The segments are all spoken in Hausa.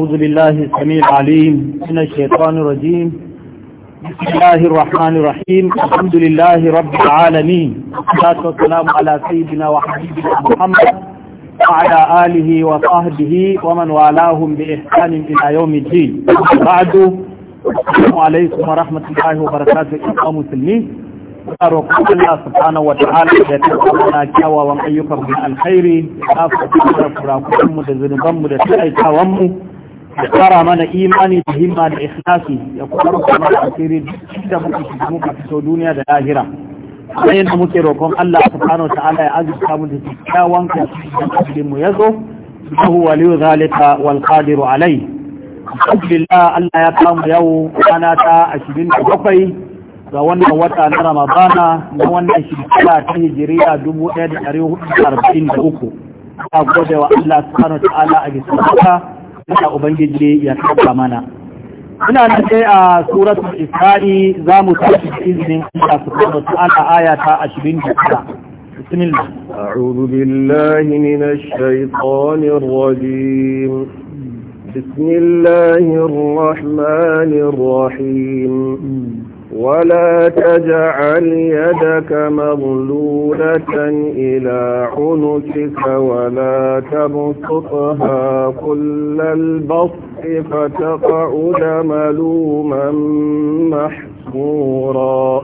أعوذ بالله السميع العليم من الشيطان الرجيم بسم الله الرحمن الرحيم الحمد لله رب العالمين والصلاة والسلام على سيدنا وحبيبنا محمد وعلى آله وصحبه ومن والاهم بإحسان إلى يوم الدين بعد السلام عليكم ورحمة الله وبركاته إخوة مسلمين roƙon Allah subhanahu wa ta'ala da ta tsara kyawawan ayyukan mu alkhairi da fara kurakuran mu da zunuban mu da taikawan mu ya kara mana imani da himma da ikhlasi ya kuma rufe mana asiri da muke shiga muka fito duniya da lahira bayan da muke roƙon Allah subhanahu wa ta'ala ya azurta mu da kyakkyawan kafin da mu yazo lahu waliyu zalika wal qadiru alai alhamdulillah Allah ya kamu yau rana ta 27 ga wannan wata na Ramadana na wannan shekara ta Hijiriya 1443 a gode wa Allah subhanahu wa ta'ala a bisa Allah ubangiji ya kafa mana ina nan dai a suratul isra'i za mu tashi izinin Allah subhanahu wa ta'ala aya ta 29 بسم الله أعوذ بالله من الشيطان الرجيم بسم ولا تجعل يدك مغلولة إلى عنكك ولا تبسطها كل البسط فتقعد ملوما محسورا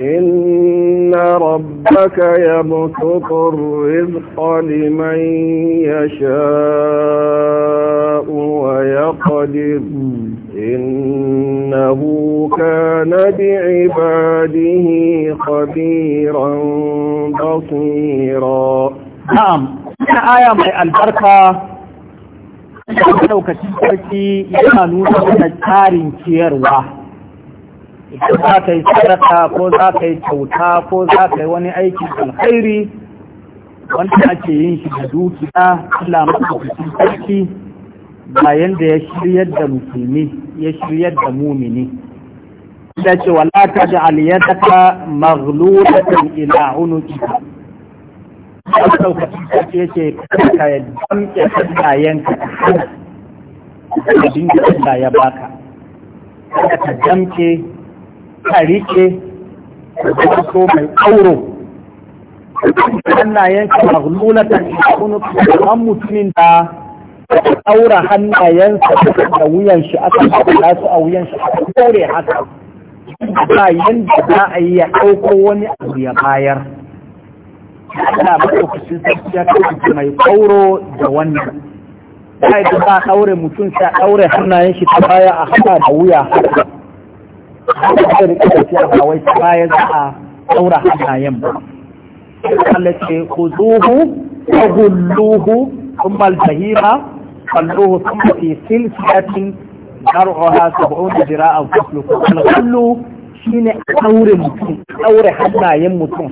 إن ربك يبسط الرزق لمن يشاء ويقدر إنه كان بعباده خبيرا بصيرا نعم آية من البركة ɗaukacin sarki yana nuna da tsarin ciyarwa idan za ka yi sadaka ko za ka yi kyauta ko za ka yi wani aikin alkhairi wanda ake yin shi da dukiya Allah cikin sarki ba yanda ya shiryar da musulmi ya shiryar da mumini da ce wala ta da aliyataka maghlulatan ila unuqika Ya sauka sarki yake ka ya damke hannayenka da dinka Allah ya baka ka damke ka rike ka so mai kauro hannayenka maglulatan ikunu kan mutumin da ɗaura hannayensa da wuyan shi aka haɗa su a wuyan shi aka kore haka ba yanda za a yi ya ɗauko wani abu ya bayar ana maɗaukacin sarki ya kasance mai kauro da wannan ba yadda ba ɗaure mutum sai ɗaure hannayen shi ta baya a haɗa da wuya haka da rike ba wai baya za a daura hannayen ba Allah ce khuzuhu wa gulluhu thumma al-bahira qalluhu thumma fi silsilatin dar'uha 70 shine mutum hannayen mutum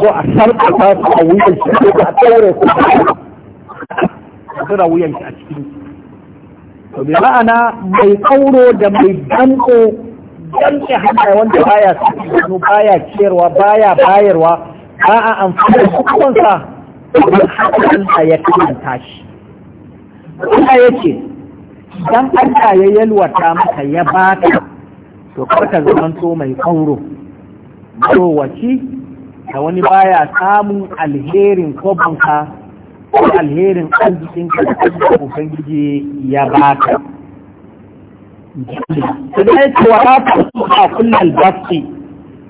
ko a sarka ta a wuyan shi ko a daure ko a a cikin to bi ma'ana mai kauro da mai danko danke hanya wanda baya sanu baya ciyarwa baya bayarwa ba a amfani da kuwansa don hakan ya kanta shi Allah yake dan Allah ya yalwata maka ya baka to karka to mai kauro ci, da wani baya samun alherin ko banka ko alherin ka da abokan gidi ya baka. Sai ya ce wa su a kullum albasi,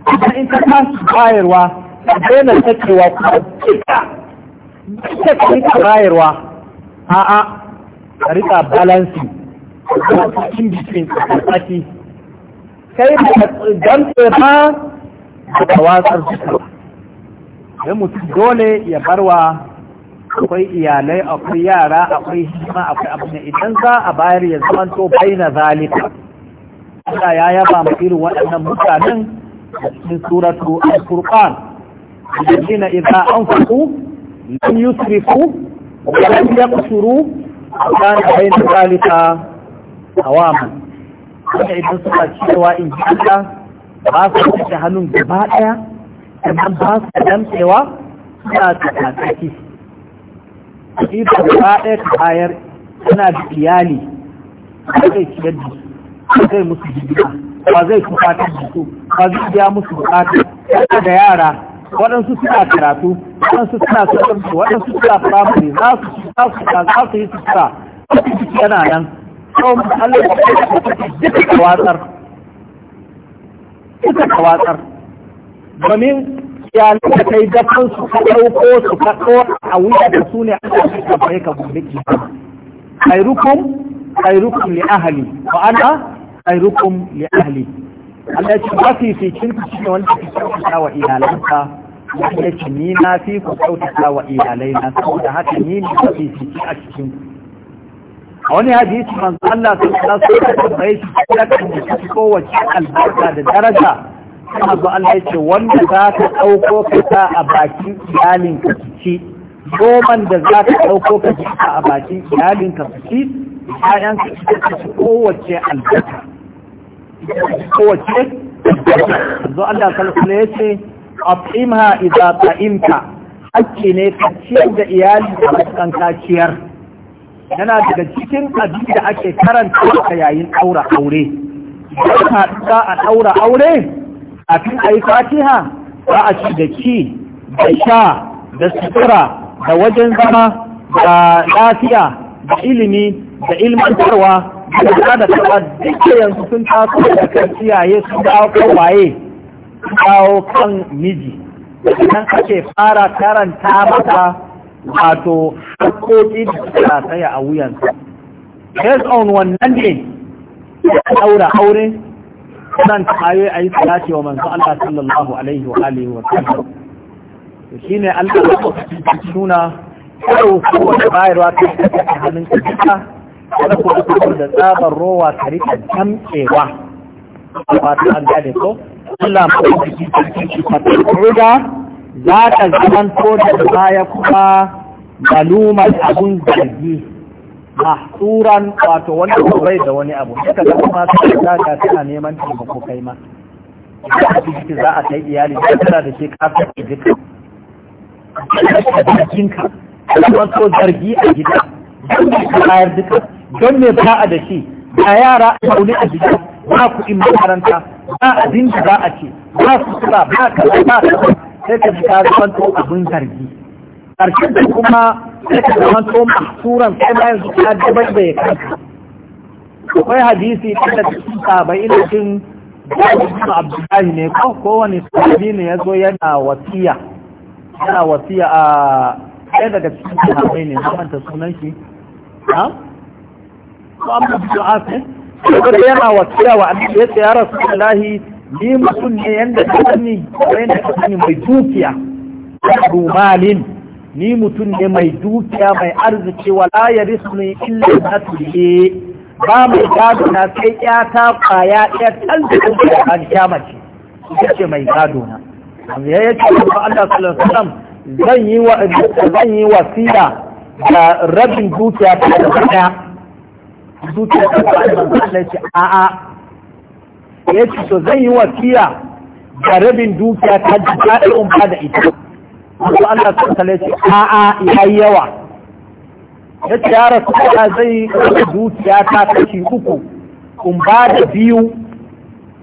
kuma in ka su bayarwa, ka daina sakewa kuma cika, cika ka rika bayarwa, a'a, ka rika balansi, ka in ta tsaki. Kai da gamtse ba da watsar jikin. Sai mutum dole ya barwa akwai iyalai akwai yara akwai hima akwai ne idan za a bayar ya zama to baina zalika Allah ya yaba mu irin waɗannan mutanen cikin suratu al-furqan alladhina idza anfaqu lam yusrifu wa lam yaqsuru kana baina zalika awama wanda idan suka cewa in ji ba su da hannun gaba ɗaya amma ba su damtsewa suna tsakatsaki kuɗi da gaba ɗaya ta bayar tana da iyali ba zai ciyar da ba zai musu jigila ba zai kufatar da su ba zai biya musu bukatu tana da yara waɗansu suna karatu waɗansu suna su waɗansu suna firamare za su za su za su yi sutura yana nan sau Allah ya ce duka watsar duka watsar domin ya luka kai dafan su ka ɗauko su ka a wuya da su ne aka fi ka bai ka gobe ki khairukum khairukum li ahli wa ana khairukum li ahli Allah ce ba fi fi cin ku ne wanda ke wa iyalanka wanda ce ni na fi ku kyautata wa iyalaina saboda haka ni ne ba fi fi a cikin ku a wani hadisi manzo Allah sallallahu alaihi wasallam bai shi kada kan kowace albarka da daraja abu Allah ce wanda za ka ɗauko ka sa a bakin iyalin ka ci noman da za ka ɗauko ka sa a bakin iyalin ka ci ƴaƴan ka ci kowace albarka kowace zo Allah kalkula ya ce afimha idza ta'imta hakki ne ka ciyar da iyalin ka kan ka ciyar yana daga cikin abin da ake karanta a yayin ɗaura aure. Za a ɗaura aure, kafin a yi fatiha ba a ci da ki da sha da sutura da wajen zama da lafiya da ilimi da ilmantarwa da kula da kaba duka yanzu sun taso da kan iyaye sun dawo kan waye sun dawo kan miji nan kake fara karanta mata wato haƙoƙi da tsaya a wuyansa based on wannan ne ya ɗaura aure kan ayoyi ayi salati wa manzo Allah sallallahu alaihi wa alihi wa sallam to shine Allah ya suna ko ko da bayarwa ta hannun ka kada ku ku da tsabar rowa tare da tamkewa ba ta an gane ko Allah ma ya ji ki za ka zaman ko da baya kuma maluma abun zargi mahsuran wato wanda bai da wani abu duka ga kuma ta ka tana neman taimako kai ma ciki za a kai iyali da tana da ke kafin jika jinka kuma so zargi a gida don me ka bayar duka don me ba a da shi ga yara a zaune a gida ba in makaranta ba a da za a ce ba su ba ba kaza ba sai ka ji ka zama abin zargi karshen da kuma sai ka zama to sai bayan su ta dabar da ya kanta akwai hadisi ta da cikin sabai ina jin Jabir Abdullahi ne ko kowane sahabi ne ya zo yana wasiya yana wasiya a ɗaya daga cikin sahabai ne manta sunan shi ha Muhammad bin Asim kaga yana wasiya wa annabi ya ce ya Rasulullahi ni mutum ne yanda ta sani yanda ta sani mai dukiya rumalin ni mutum ne mai dukiya mai arziki wala ya rismi illa na tuye ba mai gado na sai ta kwaya ɗaya talbin da an kan ce ya ce mai gado na ya ya ce ba Allah sallallahu alaihi wasallam zan yi wa zan wasiya da rabin dukiya ta da ɗaya dukiya ta da Allah ya ce a'a ya ce to zan yi wasiya da rabin dukiya ta da ɗaya da ita wasu Allah ta kale ce a'a ya yawa ya ce ya rasu kuma zai kasa dukiya ta kashi uku in ba da biyu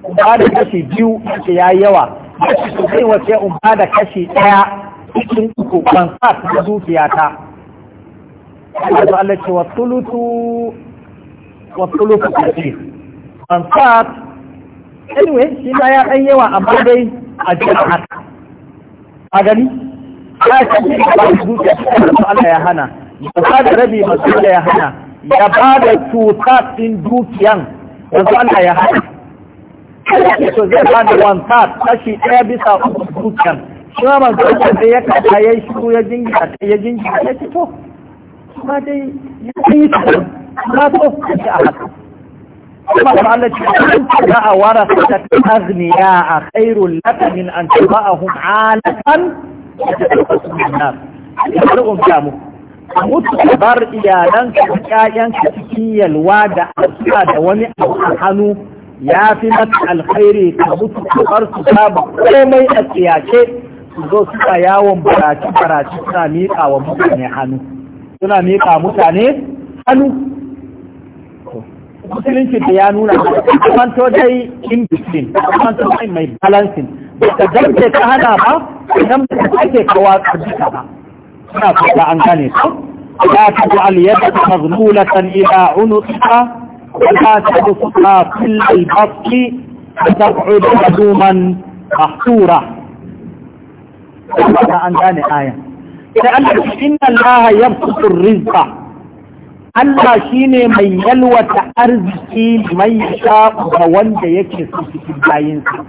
kun ba da kashi biyu ya ce ya yawa ya ce su zai wace in ba da kashi ɗaya cikin uku kan sa ta dukiya ta wato Allah ce wa tulutu wa tulutu kashi ban sa anyway shi ya ɗan yawa amma dai a jihar a gani ya tafi da dukiya da Allah ya hana ba da rabi ba Allah ya hana ya ba da tuta din dukiyan da Allah ya hana to zai ba da one third kashi ɗaya bisa uku dukiyan shi ma manzo Allah sai ya kada ya shiru ya jingira ya jingira ya fito ba dai ya yi ba to a haka kuma ba Allah ce an za a wara ta agniya a khairul laka min an tabahum alatan mutu ka bar iyalanka da ƴaƴanka cikin yalwa da asuwa da wani abu a hannu ya fi maka alkhairi ka mutu ka bar su babu komai a tsiyace su zo suka yawon baraci baraci suna miƙa wa mutane hannu suna miƙa mutane hannu musulunci da ya nuna kamanto dai in between kamanto mai balancing ba ka zarce ka hana ba idan ba ake kawa duka ba suna fata an gane su la taj'al yadaka maghlulatan ila unuqika wala tabsuta kull al-basti فتقعد قدوما محصورة هذا أن كان آية لأنه إن الله يبسط الرزق Allah shi ne mai yalwata arziki mai sha'u ga wanda yake su cikin bayinsa.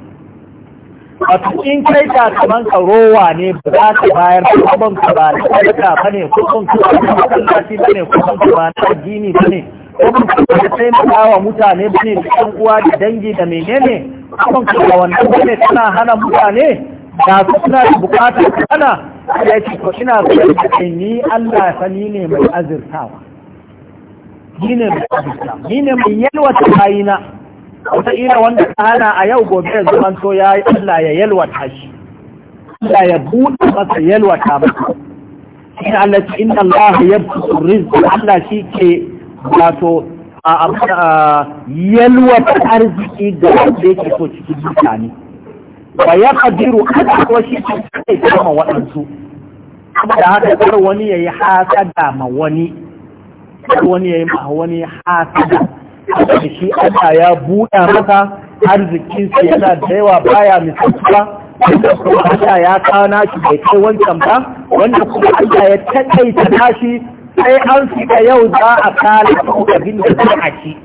wato in kai ta kaman ka rowa ne ba za ka bayar kuɗin ka ba na sadaka ba ne kuɗin ka ba ba ne kuɗin ka ba na addini ba ne kuɗin ka ba mutane ba ne da uwa da dangi da menene kuɗin ka ba wannan ba ne tana hana mutane da su suna da bukatar ka hana ya ce ko ina so ni Allah sani ne mai azurtawa ni ne mai azurtawa ni ne mai yalwata wataƙila wanda ka hana a yau gobe ya zama so ya yi Allah ya yalwata shi Allah ya buɗe masa yalwata masa in Allah ce in Allah ya rizqi Allah shi ke wato a yalwata arziki ga wanda yake so cikin mutane wa ya qadiru haka ko shi ke kai kama waɗansu da haka kar wani ya yi hasada ma wani kar wani ya yi ma wani hasada shi Allah ya buɗa maka arzikinsa yana da yawa baya misalta wanda kuma Allah ya kana shi bai kai wancan ba wanda kuma Allah ya taƙaita nashi sai an fi da yau za a kala ko abin da za a ci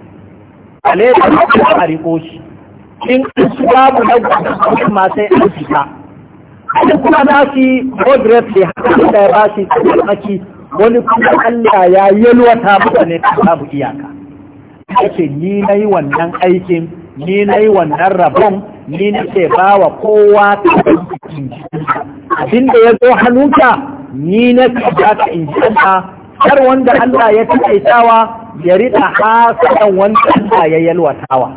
a a shi in an ci babu na gwamnati ma sai an fita wani kuma nashi progress ya haka da ya bashi tsaki wani kuma Allah ya yalwata mutane ta babu iyaka ake ni na yi wannan aikin ni na yi wannan rabon ni na ba wa kowa Abin da ya zo hannunka ni na ka ja ka in ji har wanda Allah ya taƙaitawa ya riƙa hasan wanda Allah ya yalwatawa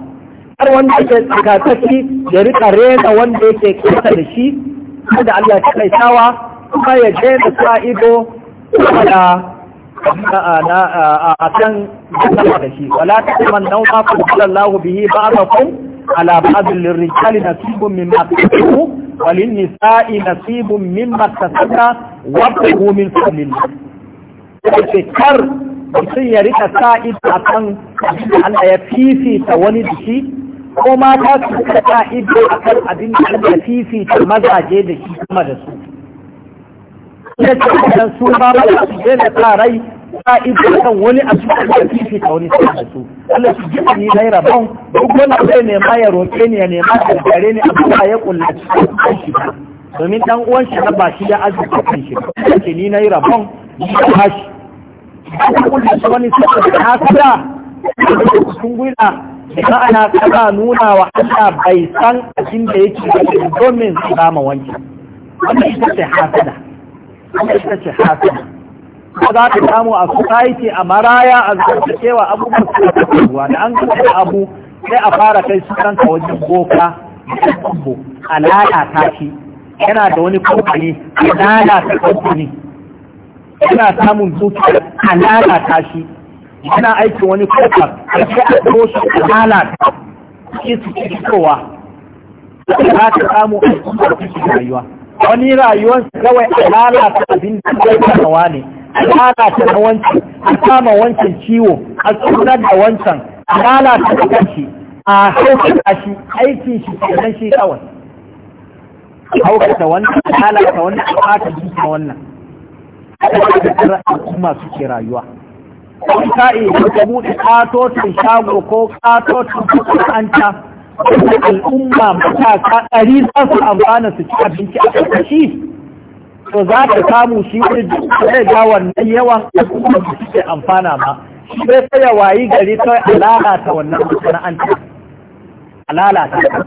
har wanda yake tsakataki ya riƙa rena wanda yake kusa da shi wanda Allah ya taƙaitawa kuma ya daina sa ido kuma da a can sama da shi wala ta kuma nauma ku sallallahu bihi ba'dakum ala ba'dil rijali nasibun mimma tasabu walin nisa'i nasibun mimma tasabba wa tabu min fadlillah kace kar mutum ya rika sa'id a kan Allah ya ta wani jiki ko ma mata su sa'id a kan abin da Allah ya ta mazaje da shi kuma da su ya ce idan su ma ba su daina sa rai ta ido kan wani a cikin da fifi ka wani sai da su Allah shi ji ni dai rabon duk wanda zai nema ya roƙe ni ya nema ya gare ni abu ba ya kulla cikin kullaci shi domin dan uwan shi na ba shi ya azuka kan shi ce ni nayi rabon ni da hashi idan kullaci wani sai da hasada sun gwina da ana kaza nuna wa Allah bai san abin da yake da domin su kama wancan wannan ita ce hasada kuma ita ce hasan ko za ka samu a society a maraya a zartacewa abubuwan su da kasuwa da an kuma abu sai a fara kai su ka wajen boka da kumbo a lalata shi yana da wani kumfani a lalata kumfani yana samun dukiya a lalata shi yana aikin wani kwakwa a ce a ɗaro a lalata shi su ke fitowa za ta samu a cikin rayuwa wani rayuwarsa kawai a lalata abin da zai kamawa ne a lalata na wancan a kama wancan ciwo a tsunar da wancan a lalata da kashi a haukata shi aikin shi kenan shi kawai haukata wannan a lalata wannan a fata jikin wannan a al'umma suke rayuwa wani sa'i da ta buɗe ƙatotin shago ko ƙatotin kusuranta wanda al'umma matasa ɗari za su amfana su ci abinci a ƙarƙashi to za ka samu shi wani zai ga wannan yawan al'umma da suke amfana ba? shi bai ya wayi gari kawai a lalata wannan masana'anta a lalata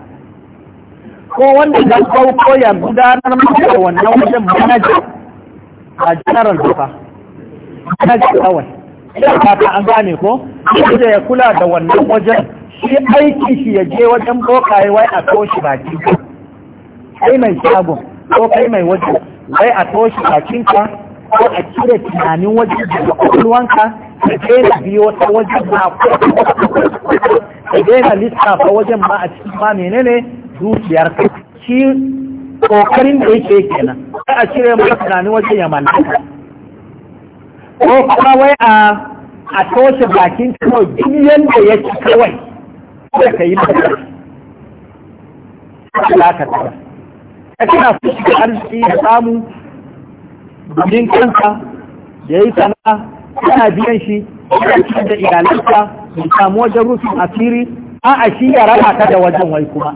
ko wanda zan ka ya gudanar masa da wannan wajen manaja a general zafa manaja kawai ina ta an gane ko da ya kula da wannan wajen shi aiki shi ya je wajen bokaye wai a toshi ka kai mai shagon ko kai mai waje wai a toshi bakinka ko a cire tunanin waje da kwakwalwanka ka na biyo ta waje ba ka na lissafa wajen ba a cikin ba menene zuciyarka shi kokarin da yake kenan sai a cire maka tunanin waje ya mallaka ko kuma wai a a toshe bakin kawai duk ya ci kawai kada ka yi lafiya Allah ka tsara ka kina su shiga arziki da samu domin kansa ya yi sana'a yana biyan shi yana cikin da iyalansa ya samu wajen rufin asiri a a shi ya raba ka da wajen wai kuma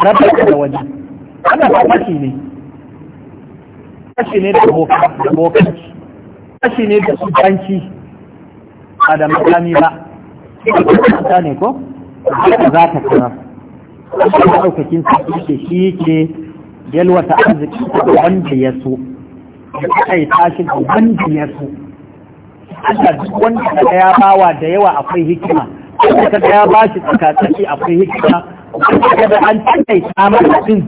raba ka da wajen wannan ba kashi ne kashi ne da bokanci kashi ne da banci, ba da makami ba ta ne ko za ta karar Allah maɗaukakin sarki ke shi yake yalwata arziki da wanda ya so ya kai tashi da wanda ya so Allah duk wanda ta ya bawa da yawa akwai hikima wanda ta ya ba shi tsakatsaki akwai hikima wanda da an tsakai samar da din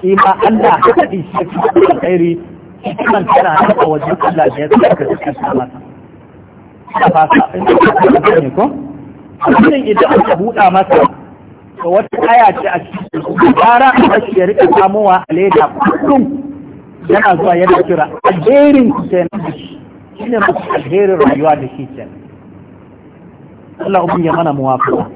shi ma Allah haka din shi ke alkhairi hikiman tana a wajen Allah da ya tsaka da masa da fasa in ka ka ne ko wannan idan aka buɗa masa to wata aya ce a cikin gara a bashi ya rika samowa a leda kullum yana zuwa yana kira alherin ku kenan da shi Shi ne mafi alherin rayuwa da shi kenan Allah ubin ya mana muwafaqa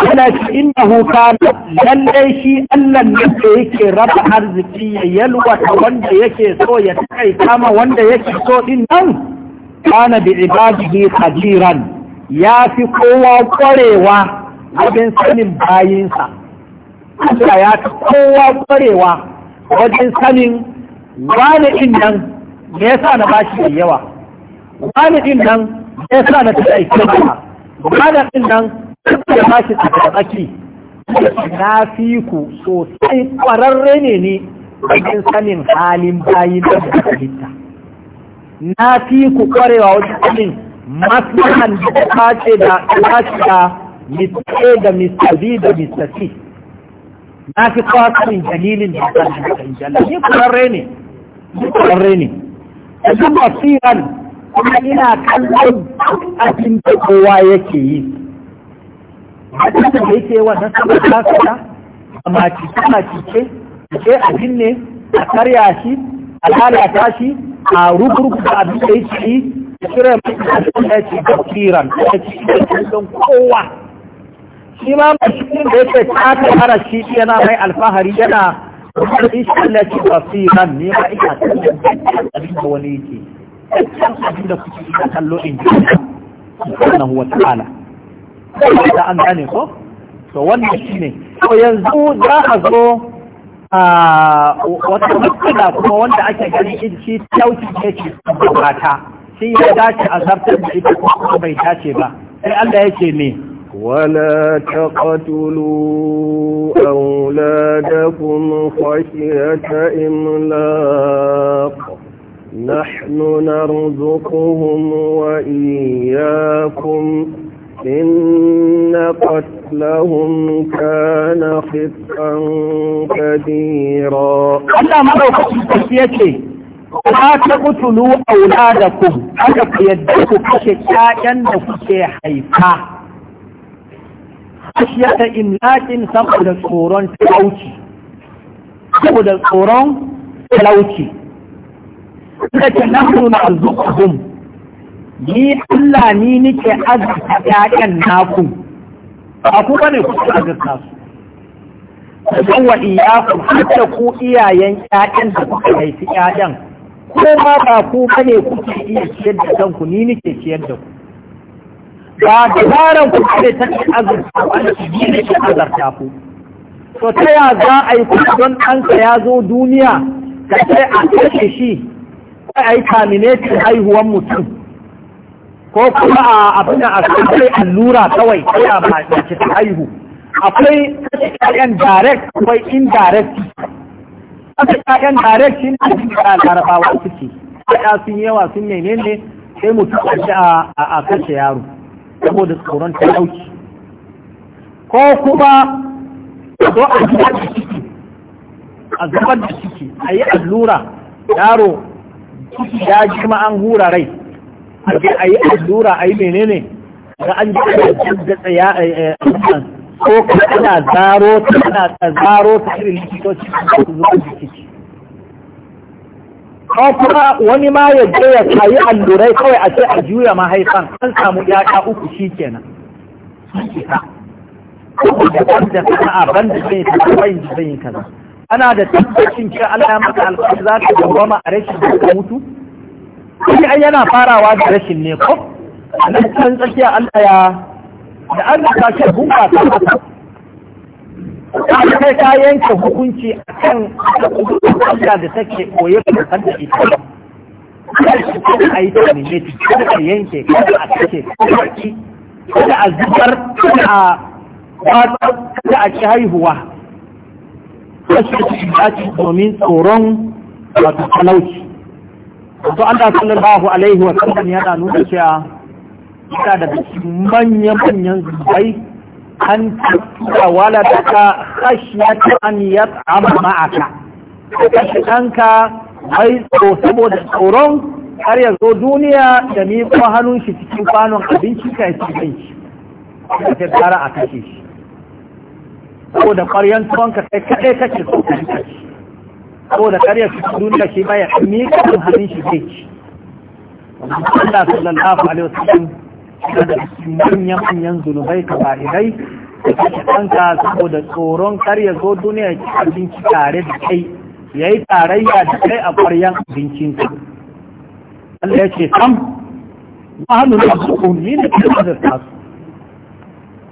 ana ce innahu kana lallai shi Allah ne da yake raba arziki ya yalwata wanda yake so ya taƙaita ma wanda yake so din nan kana bi ibadihi qadiran ya fi kowa kwarewa wajen sanin bayinsa Allah ya fi kowa kwarewa wajen sanin wani din nan me yasa na bashi da yawa wani din nan me yasa na ta aiki ba wani din nan ya bashi ta tsaki na fi ku sosai kwararre ne ne wajen sanin halin bayin da halitta na fi ku kwarewa wajen kuɗin maslahan da ta ce da alaƙa, Mr A da Mr. B da Mr. C na fi kowa sanin dalilin da ta ce da injala ni kurarre ne ni kurarre ne da duk kuma ina kallon abin da kowa yake yi a cikin da yake wannan da ta fita a macice macice ce abin ne a karya shi a lalata shi a da abin da ya ci kira mutum da ya ci tafsiran ya ci don kowa shi ma mashirin da yake ta fara shi yana mai alfahari yana rukurkin shi Allah ci tafsiran ne ma ina kallon abin da wani yake kallon abin da kuke ina kallo in ji subhanahu wa ta'ala da an gane ko to wannan shine to yanzu za a zo wata matsala kuma wanda ake ganin shi kyauci ne ke bukata shi ya dace a zartar da ita kuma bai dace ba sai Allah yake ne ولا تقتلوا أولادكم خشية إملاق نحن نرزقهم وإياكم إن قتلهم كان خطأ كبيرا الله مرة تسيتي لا تقتلوا أولادكم هذا يدك كشكاكا وكشي حيفا خشية إملاك سبب الصورون تلوتي سبب الصورون تلوتي لكن نحن نرزقهم ni Allah ni nike azurta 'ya'yan naku ba ku ne ku azurka su dan wa ku hatta ku iyayen 'ya'yan da kuka haifi 'ya'yan. ko ma ba ku ne kuke iya ciyar da kanku ni nike ciyar da ku ba dabaran ku kare ta azurta wanda ni nike azurta ku So ta ya za a yi kuma don ɗansa ya zo duniya da sai a kashe shi sai a yi terminating haihuwan mutum ko kuma a abin a kai allura kawai ko a mace ta haihu akwai kashe ƴaƴan direct akwai indirect kashe kayan direct shi ne ga larabawa suke ƴaƴa sun yawa sun menene sai mutum a ci a kashe yaro saboda tsoron talauci ko kuma zo a zubar da ciki a zubar da ciki a yi allura yaro ya ji ma an hura rai a je a yi allura a yi menene ga an ji ana canza tsaya eh, eh, ko kuma ana zaro ta ana zaro ta irin likitoci su zuwa jiki ko kuma wani ma ya je ya kayi allurai kawai a ce a juya mahaifan an samu yaka uku shi kenan da wanda sana'a ban da zai ta kawai zai yi kaza ana da tabbacin cewa Allah ya maka alƙawari za ta dawama a rashin da mutu kuma ai yana farawa da rashin ne ko a nan can tsakiya Allah ya da Allah ta ce bunka ta mata ta kai ka yanke hukunci akan Allah da take koye da kanta ita kada a yi ta kada a yanke kada a kashe kada a ci kada a zubar da a watsar kada a ci haihuwa kashe shi domin tsoron wato talauci to Allah sallallahu alaihi wa sallam da nuna cewa ita da manyan manyan zubai an tura wala da ka ta an tsama ma'aka kashi ɗanka bai tso saboda tsoron har ya zo duniya da ni kuma hannun shi cikin kwanon abinci ka yi cikin shi ka ta tsara a kashe shi saboda ƙwaryan tuwon ka kai kaɗai kake so ka kashe saboda karya su duniya shi baya mi kan hannun shi zai ci Allah sallallahu alaihi wasallam yana da manyan manyan zunubai ka ba'irai da kake kanka saboda tsoron karya zo duniya ci abinci tare da kai yayi tarayya da kai a ƙwaryan abincinka Allah ya ce sam na nahnu nasuqun da ta su.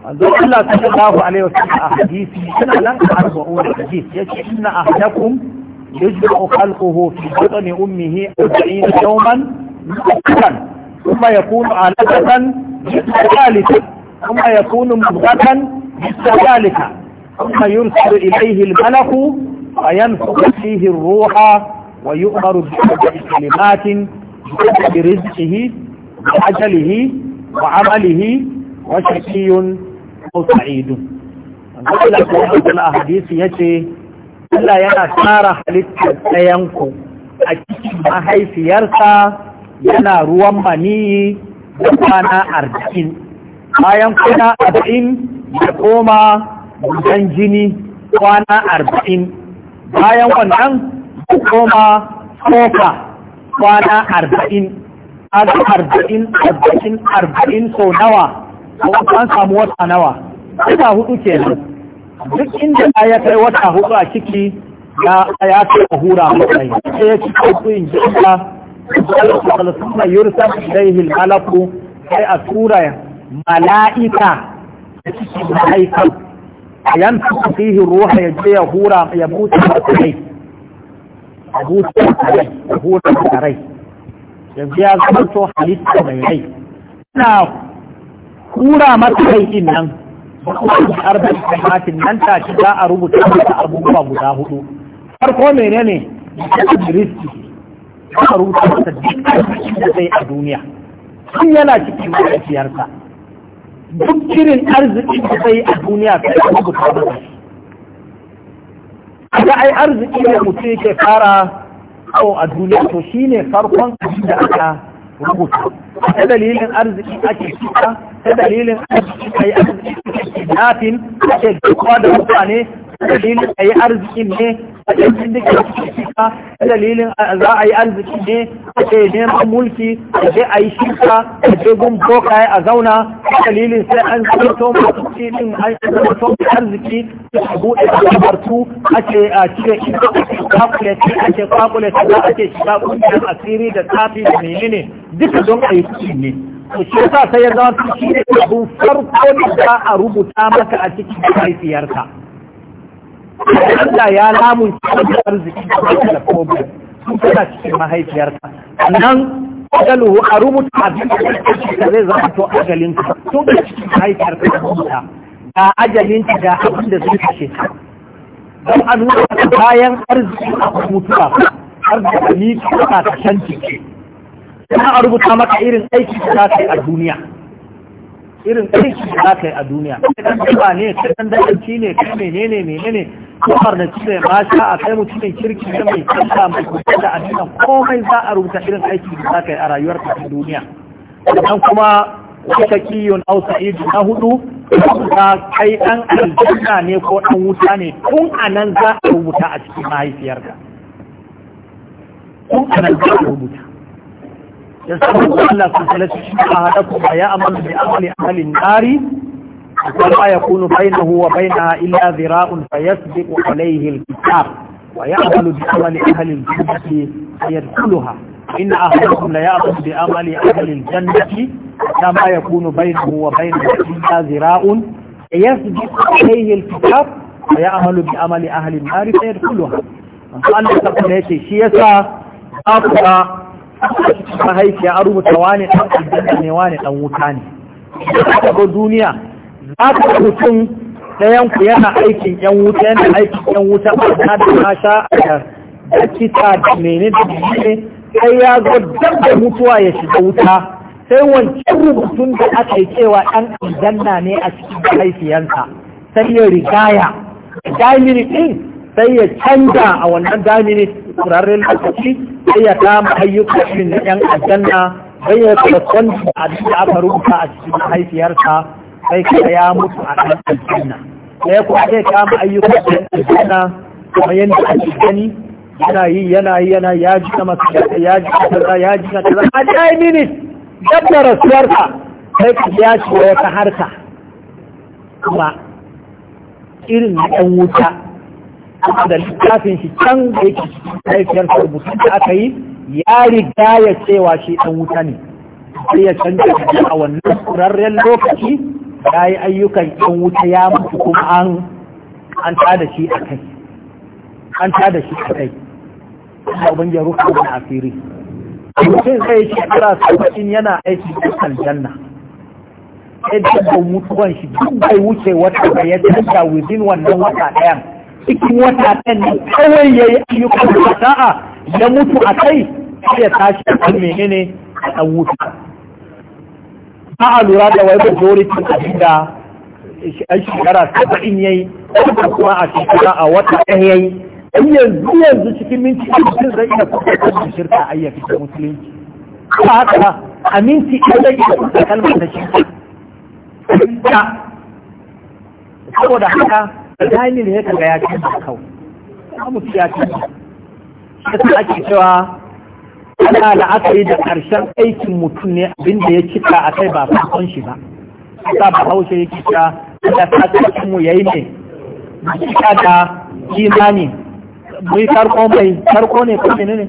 Manzon Allah sallallahu alaihi wasallam a hadisi yana nan arba'un hadisi yace inna ahadakum يجمع خلقه في بطن أمه أربعين يوما مؤقتا ثم يكون علقة مثل ذلك ثم يكون مضغة مثل ذلك ثم يرسل إليه الملك فينفخ فيه الروح ويؤمر بسبع كلمات برزقه وعجله وعمله وشقي أو سعيد. الاحاديث Allah yana tara halittar ɗayanku a cikin mahaifiyarsa yana ruwan maniyi da kwana arba'in bayan kwana arba'in ya koma gudan jini kwana arba'in bayan wannan ya koma tsoka kwana arba'in an arba'in arba'in sau nawa a an samu wata nawa wata hudu kenan duk inda ya kai wata hudu a ciki ya kai a hura matsayi sai ya ci kai in ji Allah suna yursa ilaihi malaku sai a tura mala'ika da cikin mahaifan yan fihi ruha ya je ya hura ya buta matsayi ya buta matsayi ya hura matsayi yanzu ya zama to halitta mai rai ina hura matsayi nan wani arba kalimatin nan ta ci za a rubuta masa abubuwa guda hudu farko menene ya riski za a rubuta masa duk arzikin da zai a duniya sun yana cikin mahaifiyarsa duk irin arzikin da zai a duniya sai a rubuta masa ga ai arziki ne mutum yake fara kawo a duniya to shine farkon abin da aka rubutu ta dalilin arziki ake cika ta dalilin arziki arziki ake dafin ake gawa da mutane dalilin a yi arziki ne a yankin da ke shirka dalilin za a yi arziki ne a ke neman mulki a je a yi shirka a je gun bokaye a zauna dalilin sai an zama to masu cikin an zama to arziki a buɗe albartu a ce a cire ita a ce kwakuleti a ce kwakuleti za a ce shiga kungiyar asiri da tafi da menene duka don a yi cikin ne to shi yasa sai ya zama shi ne abun farko da za a rubuta maka a cikin mahaifiyarka Allah ya lamun arziki da problem sun kana cikin mahaifiyarka nan ajaluhu a rubuta abin da zai zama to ajalinka sun kana cikin mahaifiyarka da rubuta ga ajalinka ga abin da zai kashe ka don a nuna bayan arziki a mutuwa har da ni ka ta san ciki kuma a rubuta maka irin aiki da za ka yi a duniya irin aiki da za ka yi a duniya kai dan ne kai dan ne kai menene menene da da cire masha a kai mutumin kirki da mai kanta mai kusa da abin komai za a rubuta irin aiki da za ka yi a rayuwar ta duniya sannan kuma wata kiyon hausa sa'idu na hudu ka kai dan aljanna ne ko dan wuta ne kun anan za a rubuta a cikin mahaifiyarka Kun anan za a rubuta ya sabu Allah kun salatu shi kuma ya amal bi amali ahalin nari وما يكون بينه وبينها إلا ذراع فيسبق عليه الكتاب ويعمل بعمل أهل الجنة فيدخلها إن أهلكم ليعمل بعمل أهل الجنة كما يكون بينه وبينها إلا ذراع فيسبق عليه الكتاب ويعمل بعمل أهل النار فيدخلها قال لك تقول هيك شيسا أبقى mahaifiya an rubuta wani ɗan aljanna ne wani ɗan wuta ne. Ka duniya haka mutum ɗayan ku yana aikin yan wuta yana aikin yan wuta ba da masha da kita da mene da mene sai ya zo dab da mutuwa ya shiga wuta sai wancan rubutun da aka yi cewa ɗan aljanna ne a cikin mahaifiyansa sai ya rigaya daimini ɗin sai ya canza a wannan daimini turaren lokaci sai ya dama ayyukan shi na ɗan aljanna sai ya kasuwanci a cikin da aka rubuta a cikin mahaifiyarsa sai ka ya mutu a kan aljanna sai kuma zai kama ayyukan kan aljanna kuma yanda ake gani yana yi yana yi yana ya ji na masu ya ji na kaza ya ji na kaza a jai minit dab da rasuwarsa sai ka ya ci wata harka kuma irin na ɗan wuta da littafin shi can da yake haifiyar rubutun da aka yi ya riga ya cewa shi ɗan wuta ne sai ya canza a wannan kurarren lokaci ya yi ayyukan yan wuta ya mutu kuma an an tada shi a kai an tada shi a kai da yaro rufe na asiri mutum zai kira sabbin yana aiki dukkan janna sai dabban mutuwan shi duk bai wuce wata da ya canza within wannan wata ɗayan cikin wata ɗayan ne kawai ya yi ayyukan da sa'a ya mutu a kai sai ya tashi a kan menene a ɗan wuta ba a lura da wai majoritin abinda an shekara saba'in ya yi kuma a shekara a wata ɗaya ya yi yanzu yanzu cikin minti cikin zai iya kuka da shirka a iya musulunci Ta haka ba a minti ɗaya zai iya kuka kalmar da shirka saboda haka dalilin ya kaga ya canza kawai ya mutu ya canza shi ake cewa ana yi da ƙarshen aikin mutum ne abinda ya cika a kai ba sakon shi ba ta ba haushe ya cika da sakon mu yayi ne ba cika da imani mai farko mai farko ne ko ne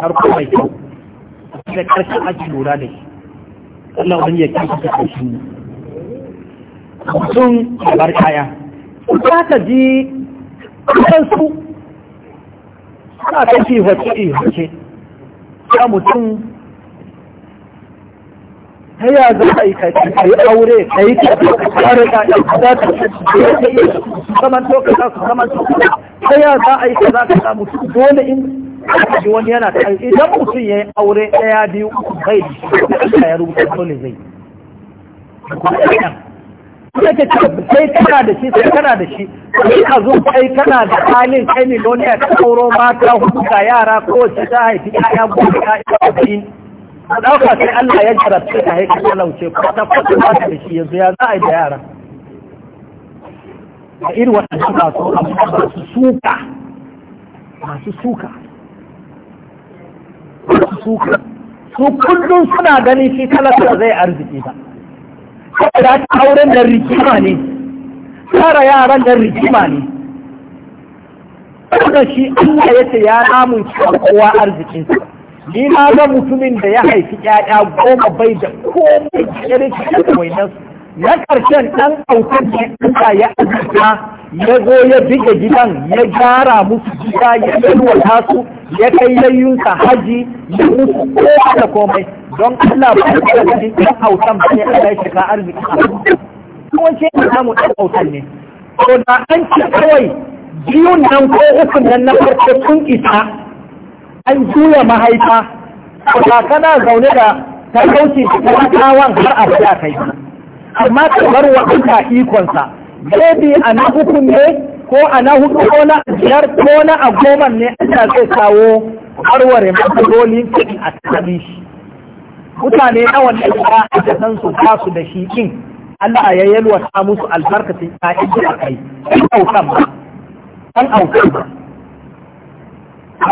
farko mai kyau da ƙarshen aji lura da shi Allah wani ya kasa da ƙarshen mu mutum ya bar kaya za ka ji kusan su suna ta ce wace ce ya mutum ta ya za a yi a yi aure a yi a kare ka yi ka za ta yi saman toka za su saman toka ta ya za a yi ka za ka samu dole in ji wani yana ta idan mutum ya yi aure ɗaya biyu bai da ya rubuta dole zai yi kuma ke sai kana da shi sai kana da shi sai ka zo kai kana da halin kai ne don ya auro mata hudu ga yara ko shi ta haifi ƴaƴa gobe ƴaƴa gobe ka dauka sai Allah ya jarabce ka haika talauce ko ta kwata ba ta da shi yanzu ya za a yi da yara a irin waɗannan masu amma masu suka masu suka masu suka su kullum suna ganin shi talaka zai arziki ba saboda auren da rikima ne tara yaran da rikima ne saboda shi Allah ya ce ya shi a kowa arzikinsa ni na ga mutumin da ya haifi 'ya'ya goma bai da komai da ya rikita wainansu na ƙarshen ɗan autar da ɗansa ya azurta ya zo ya biga gidan ya gyara musu gida ya yalwata tasu ya kai yayyunsa haji ya musu kowa da komai don Allah ba ya kira gani ɗan autan ba ne Allah shiga arziki a kuma ce ya samu ɗan autan ne to da an ci kawai biyun nan ko ukun nan na farko sun isa an juya mahaifa to kana zaune da talauci da talakawan har abu ya kai amma kamar wa aka ikonsa maybe a na uku ne ko a na hudu ko na biyar ko na a goma ne Allah zai kawo warware matsalolin kin a tsari shi mutane nawa ne ba a jasan su ba su da shi ɗin Allah ya ta musu albarkacin ƴaƴan da yi ɗan aukan ba ɗan aukan ba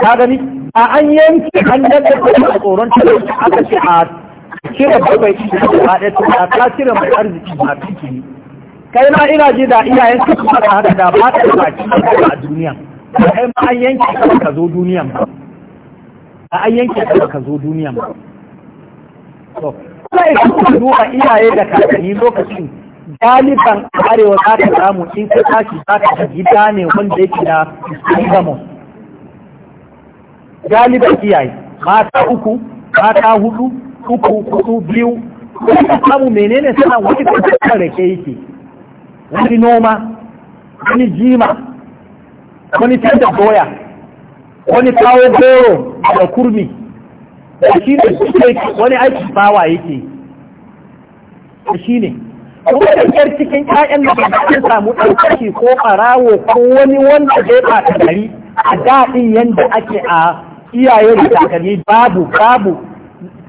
ka gani a an yanke an daɗa kuma a tsoron talauci aka ce a cire bakwai ba da tuna ta cire mai arziki ba ciki kai ma ina ji da iyayen su kuma da haka da ba ta baki a duniya ba kai ma an yanke ka ka zo duniya ba a an yanke ka ka zo duniya ba to sai ku duba iyaye da kakanni lokacin galiban arewa za ka samu in ka tashi za ka gida ne wanda yake da gamo galiban iyaye mata uku mata hudu uku biyu, biyu wani samu menene suna wani kasar rake yake wani noma wani jima wani canza doya wani kawo goro da kurmi da shi ne wani aiki bawa yake da shi ne kuma da kyar cikin ƴaƴan da ba samu ɗan ko ɓarawo ko wani wanda zai ta gari a daɗin yadda ake a iyaye da kakanni babu babu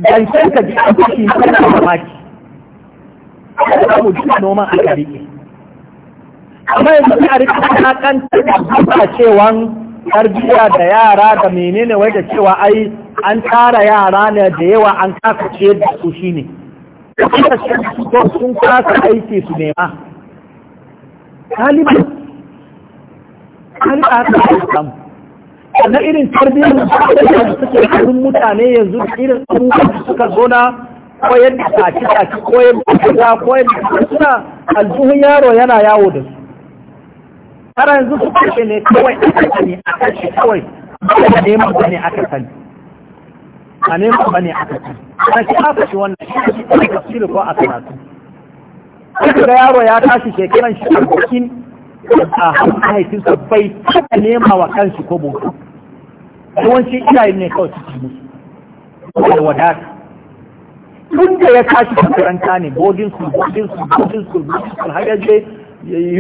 zancen ka ji an fashi yana mamaki za mu ji noman aka rike amma yanzu a rika alakantar da zuba tarbiyya da yara da menene wai da cewa ai an tara yara ne da yawa an kasa ciyar da su shine suka shirya sun kasa aiki su nema taliban an kasa samu sannan irin tarbiyyar da suke hannun mutane yanzu da irin abubuwan da suka zo na koyar da taci taci koyar da kusa koyar da suna aljihun yaro yana yawo da su har yanzu su kashe ne kawai a sani a kashe kawai ba neman ba ne aka sani a neman ba ne aka sani ana shi haka shi wannan shi shi ɗan tafsiri ko a karatu aka da yaro ya tashi shekaran shi a cikin a haifinsa bai taɓa nema wa kansu ko bukuku yawanci iyayen ne kawai su musu da wadata tun da ya tashi makaranta ne bodin su bodin su bodin su boarding school har yaje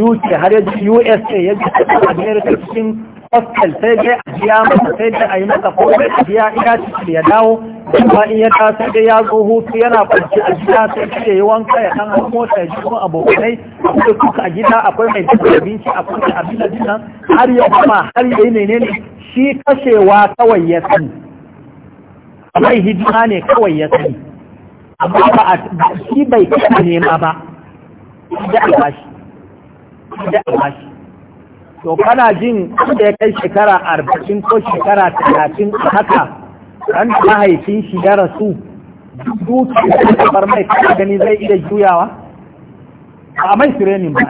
UK har yaje USA yaje America cikin hostel sai dai a biya masa sai dai a yi masa komai a biya ina cikin ya dawo kuma in ya ta sai dai ya zo hutu yana kwanci a gida sai dai ya yi wanka ya kan hau ta ya jikin abokanai akwai kuka a gida akwai mai tafi abinci akwai mai abin da nan har ya kuma har ya yi ne shi kashewa kawai ya sani mai hidima ne kawai ya sani amma ba a shi bai kashe nema ba da a bashi da a bashi to kana jin da ya kai shekara arba'in ko shekara talatin a haka ran mahaifin shi ya rasu duki da bar mai gani zai iya juyawa a mai tirenin ba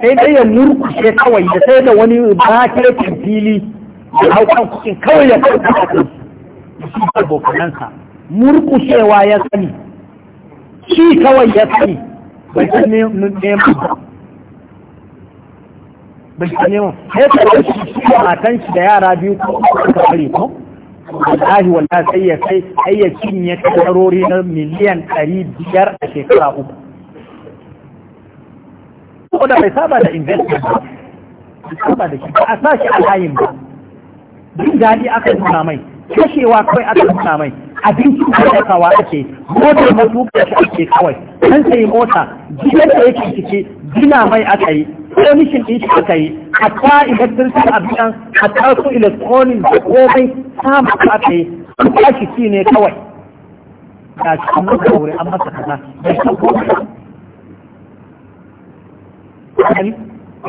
sai dai ya murkushe kawai da sai da wani bakirin fili ya hau kan kawai ya kai kan shi da bokanansa murkushewa ya sani shi kawai ya sani bai san neman ba bai kane mu sai ka ga matan shi da yara biyu ko ka bari ko wallahi wallahi sai ya kai sai ya cinye tarori na miliyan 500 a shekara uku ko da bai saba da investment ba saba da shi ba a sa shi a layin ba jin daɗi aka nuna mai kashewa kawai aka nuna mai abinci da kawa ake motar matuƙa shi ake kawai an sayi mota Jiya da yake ciki gina mai aka yi komishin ɗin shi aka yi hatta idan sun sa abinan hatta su electronic da komai samu aka yi an tashi shi ne kawai da shi an da wuri an masa kaza bai san komai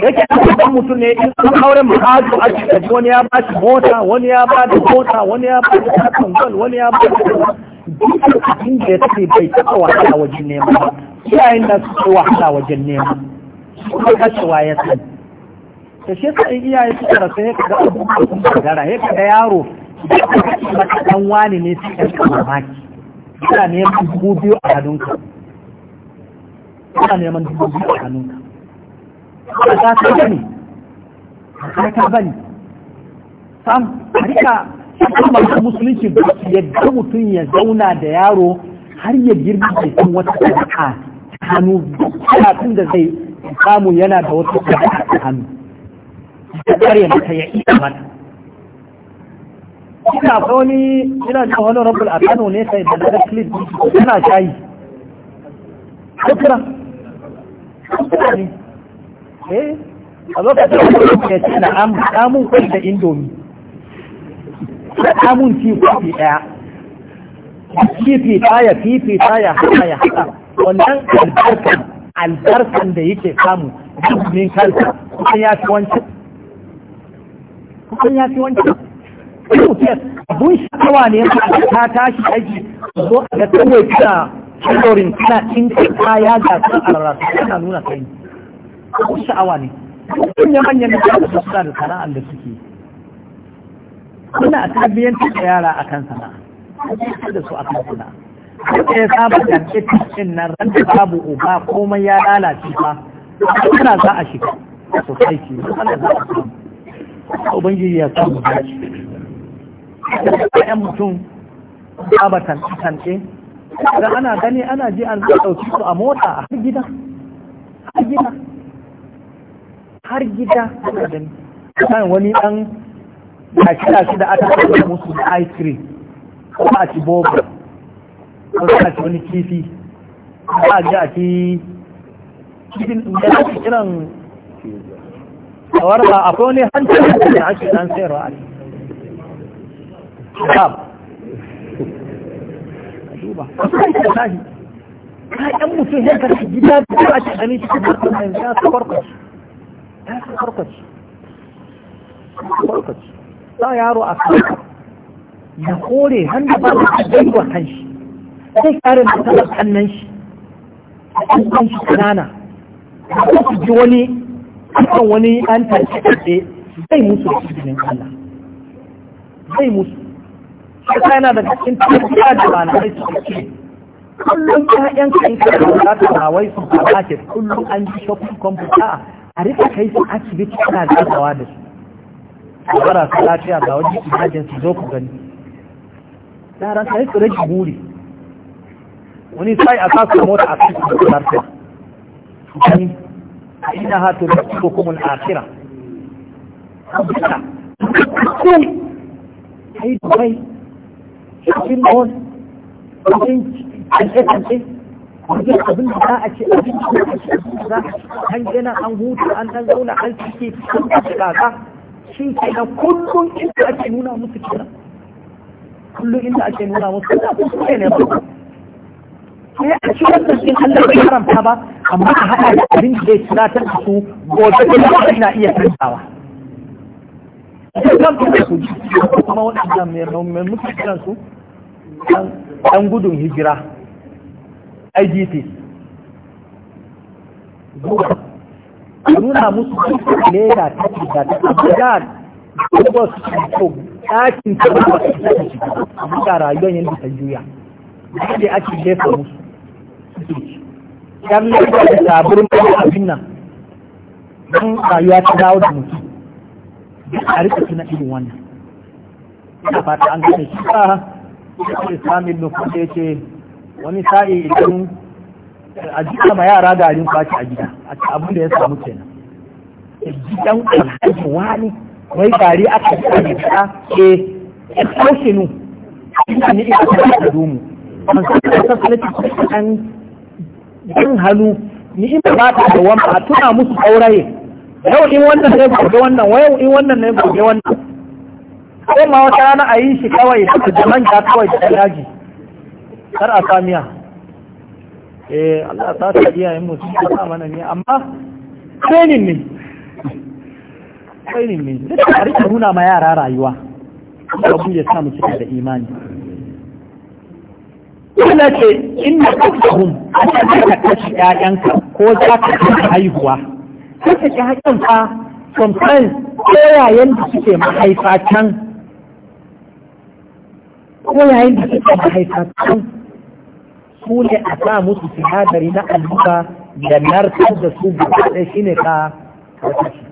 yake an mutum ne in an aure mahazu a cikin wani ya ba shi mota wani ya ba da mota wani ya ba da katon gol wani ya ba da dukkan abin da ya tafi bai taɓa wahala wajen neman ba iyayen da suke wahala wajen neman kuma kashe waye sani da shi sa in iyaye su rasu ya kaga abubuwa sun gagara ya kaga yaro da aka kashe maka dan wani ne suka rika mamaki yana neman dubu biyu a hannunka yana neman dubu biyu a hannunka ba za ka gani ba ka bani sam a rika kuma musulunci ya yadda mutum ya zauna da yaro har ya girma bai san wata ɗabi'a hannu karatun da zai samu yana da wata kaba a hannu ta tsare mata ya iya mata ina wani ina da wani rabul a kano ne sai da daga clip yana shayi kukura kukura eh a lokacin da ya ce na amun kwai da indomi amun ci kwafi daya ya fifita ya haka ya wannan albarkar albarkan da yake samu jirgin kansa kusan ya fi wancan kusan ya fi wancan abun shakawa ne ta tashi aiki zo a ga kuna kana kuna kana ɗinka kaya ga su a rarrasu kana nuna kai abun sha'awa ne manyan manyan da suka suna da sana'ar da suke kuna a tarbiyyantar da yara a kan sana'a da su a kan sana'a sai saba karɓi cikin nan ran da babu uba komai ya lalace fa Kana za a shiga sosai ki Kana za a samu ubangiji ya samu dace ɗan mutum saba tanɗe da ana gani ana ji an ɗauki su a mota a har gida har gida har gida ana gani kan wani kira shi da aka musu ice cream ko a ci bobo ko za a ci wani kifi za a ji a ci cikin da ake kiran kawar ba akwai wani hancin da ake dan sayarwa a cikin duba wallahi kayan mutum ya karfi gida da a ci ani cikin harkar nan ya su farkaci ya su farkaci farkaci za yaro a kan ya kore hannu ba da dai wa kanshi sai kare matsalar hannun shi a kan shi kanana ko su ji wani kan wani an tarci kaɗe zai musu da izinin Allah zai musu shi kana daga cikin tafiya da ba na kai su ce kullum ƴaƴan kai ka da za ta rawai su ba ba ke kullum an ji shakun kwamfuta a rika kai su asibiti ana gazawa da su a bara su lafiya ga wajen su zo ku gani yaran sai su rage buri wani sai a kasu mota a cikin kularta dan ina ha to ko kuma al-akhirah ai dubai cikin on cikin alƙaƙe wajen abin da za a ce a ce an gina an huta an ɗan zauna an cike cikin kaka shi ke na kullum inda ake nuna musu kenan kullum inda ake nuna musu da sai a ci wannan cikin Allah bai haramta ba amma a haɗa da abin da zai tunatar da su gobe da na iya tantawa kan kuma su kuma waɗannan mai muke kiran su ɗan gudun hijira IGP nuna musu ne da ta shiga ta shiga ba su kyau ɗakin ta ba su ta shiga amma ga rayuwar yadda ta juya da ake jefa musu yan lafiya da sabon mai abin nan don rayuwa ta dawo da mutum a rika tuna irin wannan ina fata an gane shi ba shi samun nufin da ce wani sa'i idan a jika ma yara garin kwaci a gida a ci abin da ya samu kenan gidan alhaji wani wai gari aka yi a gida ke ya kaushe nu ina ni ina ta da domu an sa ta sassalci an dan hannu ni'ima ba ta da wani a tuna musu sauraye yau in wannan ne gobe wannan wayo in wannan ne gobe wannan ko ma wata rana a yi shi kawai da jaman ta kawai da yaji kar a samiya eh Allah ta ta iyayen mu sun ta mana ne amma training ne training ne duk a rike nuna ma yara rayuwa abin ya samu cika da imani Kula ce kuka hun a ta kashe ƴaƴanka ko za ka kashe haihuwa. Kashe ƴaƴanka sometimes koyayen da suke mahaifa can koyayen da suke mahaifa can su ne a sa musu sinadari na allura da narkar da su buɗe shi ne ka kashi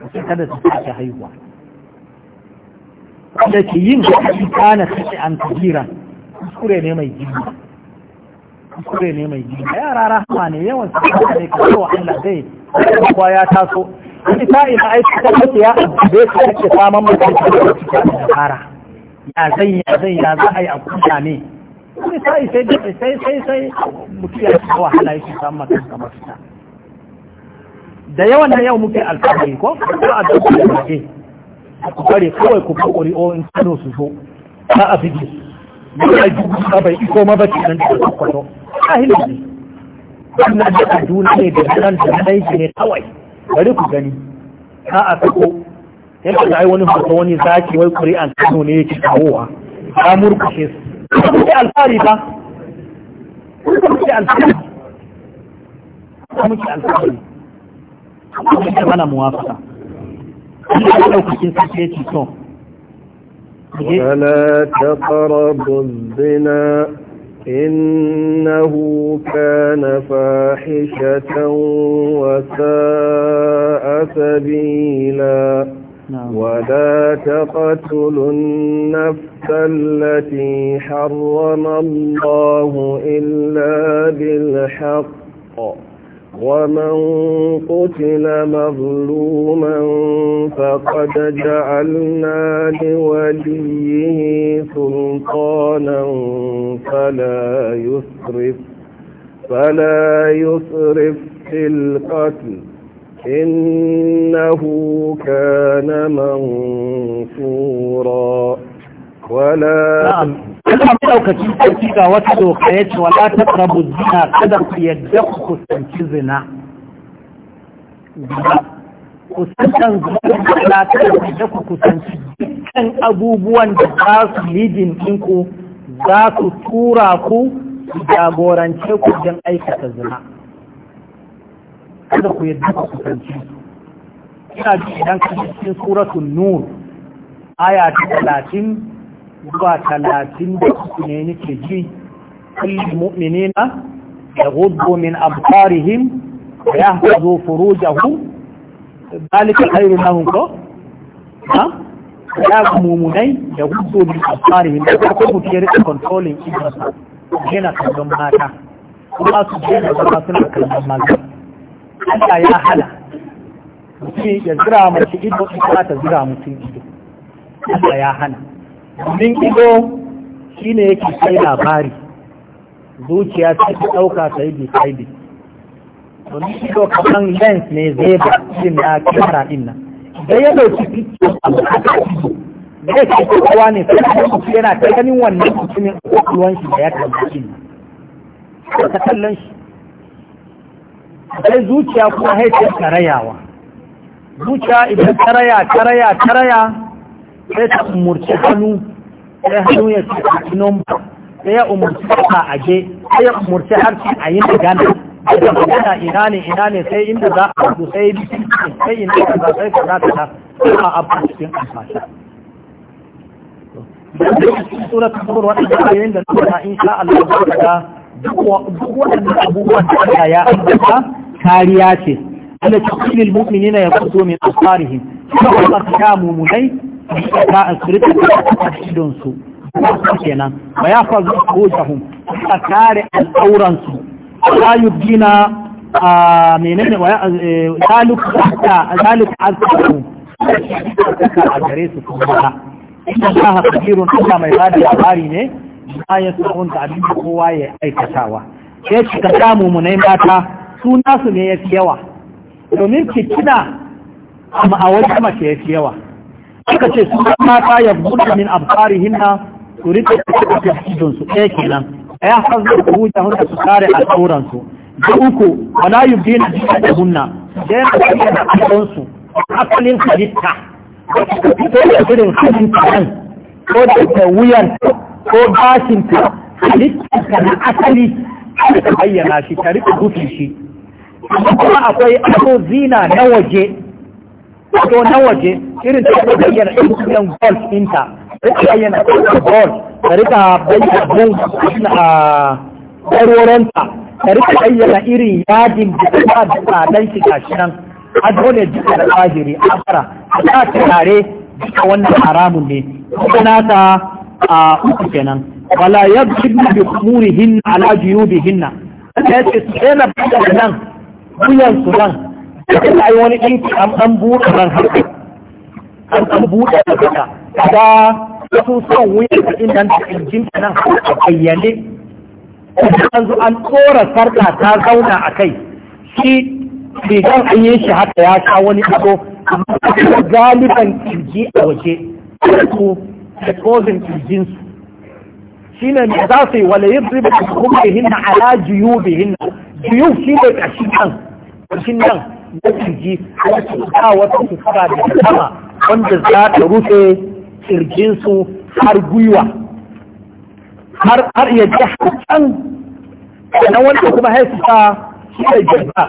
kashi kada su sake haihuwa wanda ke yin ake kana kashi an kabira kuskure ne mai girma kuskure ne mai girma yara rahama ne yawan su kuma ne ka zo Allah zai kuwa ya taso wani ta ina aiki ta kace ya abubuwa su kake samun mutum da cikin da fara ya zai ya zai ya za a yi a kuka ne ta sa'i da sai sai sai mutum ya shiga wahala yake samun mutum kamar fita da yawan na yau muke alfahari ko ko a duk da ke ku bari kawai ku kokori o in kano su zo ta a su ba dubu ba bai iko ma bace nan da kwato ahili ne Ina da Kaduna ne da nan da Naiji ne kawai bari ku gani ka a sako yadda da ai wani hoto wani zaki wai Qur'an Kano ne yake kawowa ya murkushe su kuma sai alfari ba kuma sai alfari kuma sai alfari kuma sai mana muwafaka Allah ya dauki kin sace ki so ولا تقربوا الزنا إنه كان فاحشة وساء سبيلا نعم. ولا تقتلوا النفس التي حرم الله إلا بالحق ومن قتل مظلوما فقد جعلنا لوليه سلطانا فلا يسرف فلا يسرف في القتل إنه كان منصورا ولا نعم Allah maɗaukaki sarki ga wata doka ya ce wala ta rabu zina kada ku yadda ku kusanci zina. Kusantan zina da kada ku yadda ku kusanci dukkan abubuwan da za su lidin ɗinku za su tura ku jagorance ku don aikata zina. Kada ku yadda ku kusanci Ina ji idan ka cikin suratun Nur aya ta talatin zuwa talatin da uku ne nake ji kullum na da gudu min abtarihim da ya hazo furujahu dalika khairu na hunko ha ya mumunai da gudu min abtarihim da kuma ku ke rika controlling ibra gina kallon mata kuma su je da zama suna kallon mata Allah ya hana mutum ya zira mace ido ita ta zira mutum ido Allah ya hana domin ido shi ne yake kai labari zuciya ta fi ɗauka ta yi bisaidi domin ido kamar lens ne zai ba cikin na kyara ɗin nan idan ya ɗauki fito abu a kan zai ce kowa ne sai da mutum yana ta ganin wannan mutumin kwakwalwan shi da ya kama shi ne ta kallon shi sai zuciya kuma haifiyar karayawa zuciya idan karaya karaya karaya sai ta umurci hannu sai hannu ya ce numba sai ya umurci ka a je sai ya umurci harshe a yi magana da magana ina ne ina ne sai inda za a haɗu sai bikin sai ina ka za sai ka za ta a abu cikin amfasha sura ta kamar waɗanda ayoyin da suna in sha Allah za ka duk waɗannan abubuwan da Allah ya ambata kariya ce Allah ta kullil mu'minina yaqdu min asfarihim kuma ka kamu munai ba a sirta a cikin kenan ba ya fa zuwa jahun a kare al'auransu. su yi gina a menene wa zalik hatta zalik azku a gare su kuma inda Allah kabirun Allah mai bada labari ne ayat sa'un da abin kowa ya aikatawa sai ka samu mu ne mata su nasu ne yafi yawa domin kikina amma a wajen mace yafi yawa aka ce su mata ya buɗe min hinna su rike su da su ɗaya kenan ya hazar da huta hunta su kare al'auransu da uku wala na jihadahunna da yana da da al'auransu asalin halitta da fito da irin halitta nan ko da ta wuyan ko bashinta ka na asali ta bayyana shi ta rike rufin shi kuma akwai aso zina na waje na waje irin ta ta bayyana ɗin gol ɗinta rika bayyana gol ta rika bayyana gun a ƙwarwaronta ta rika bayyana irin yadin da ta ba da ɗan shi gashi nan a dole duka da tsahiri a fara a ta tare duka wannan haramun ne kuma nata a uku kenan wala yadda bi kumurihin ala juyubihinna ta yace su yana bada nan wuyan su nan da ta yi wani ɗinki an buɗe nan haka an an buɗe da haka kaga wasu son wuyan da inda da kirjin nan a bayyane an zo an tsora sarka ta zauna a kai shi rigar an yi shi haka ya sha wani abu amma galiban kirji a waje su da tozin kirjinsu shi ne mai za su yi wale yin ribar na ala juyubihin juyub shi ne ƙashin nan ƙashin nan da kirji a wata sutura da sama wanda za ta rufe kirjinsu har gwiwa har ya ji hakan sannan wanda kuma haisu ta shi ne jirba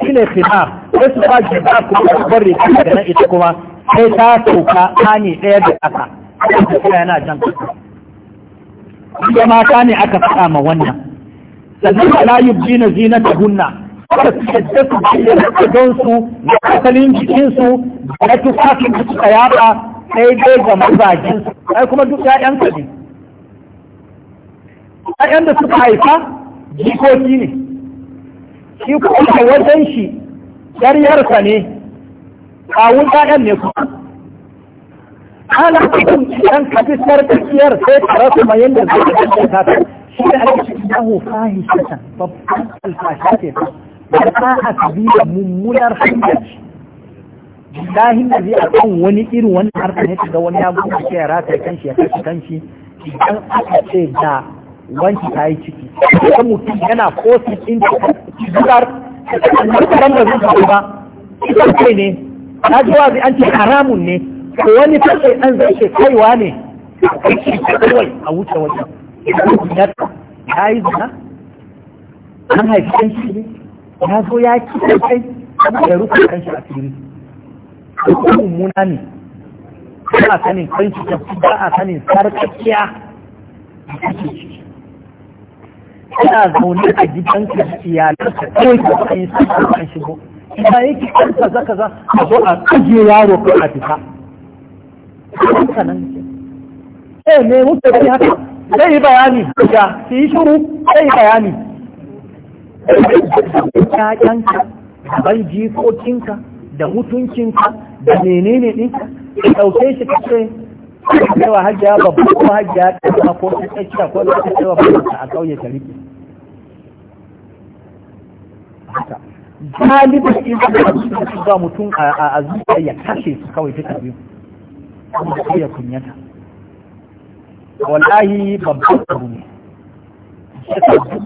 shi ne fina sai su ba jirba kuma su bar riga daga nan ita kuma sai ta sauka kane ɗaya da ƙasa kuma yana jan ƙasa kuma mata ne aka faɗa ma wannan sannan la yubdina zinatahunna kada su yadda su bayyana adonsu da asalin jikinsu da tufafin da suka yaba sai dai ga mazajensu ai kuma duk ‘ya'yansa ne ‘ya'yan da suka haifa jikoki ne shi kuma a wajen shi ‘yaryarsa ne kawun ‘ya'yan ne kuma ana cikin ɗan kafi sarkakiyar sai ta rasu mai yadda zai ta shi ne ake cikin yahu fahishatan babban alfashe ce da ta a da mummunar hanyar dahin da zai a kan wani irin wani harkar ne ga wani abu da ke rata kanshi ya kashe kanshi idan aka ce da wanki ta yi ciki kuma mutum yana kosin in cikar karan da zuwa ba ita ce ne ta ji wazi an ce haramun ne ko wani fasai an zai ce kaiwa ne kawai a wuce wajen ya yi zina an haifi kan shi ne ya zo ya kiɗa kai ya rufe kanshi a fili da kuma mummuna ne ba a sanin kwanci ta ba a sanin sarkakiya a kake ciki kana zaune a gidanka da iyalanka kawai ka kai sai ka shigo ina yake kanka zaka za a zo a kaje yaro ko a fita nan eh me muke da haka zai yi bayani ya shi shiru zai yi bayani ƙyaƙyanka ban jikokinka da mutuncinka da menene ɗinka ka ɗauke shi ka ce cewa hajjiya babu ko hajjiya ƙasa ko ta tsakiya ko ta cewa ta a ƙauye ta riƙe haka galibin izinin su ba mutum a zuciya ya kashe su kawai ta biyu kuma ya kunyata wallahi babban abu ne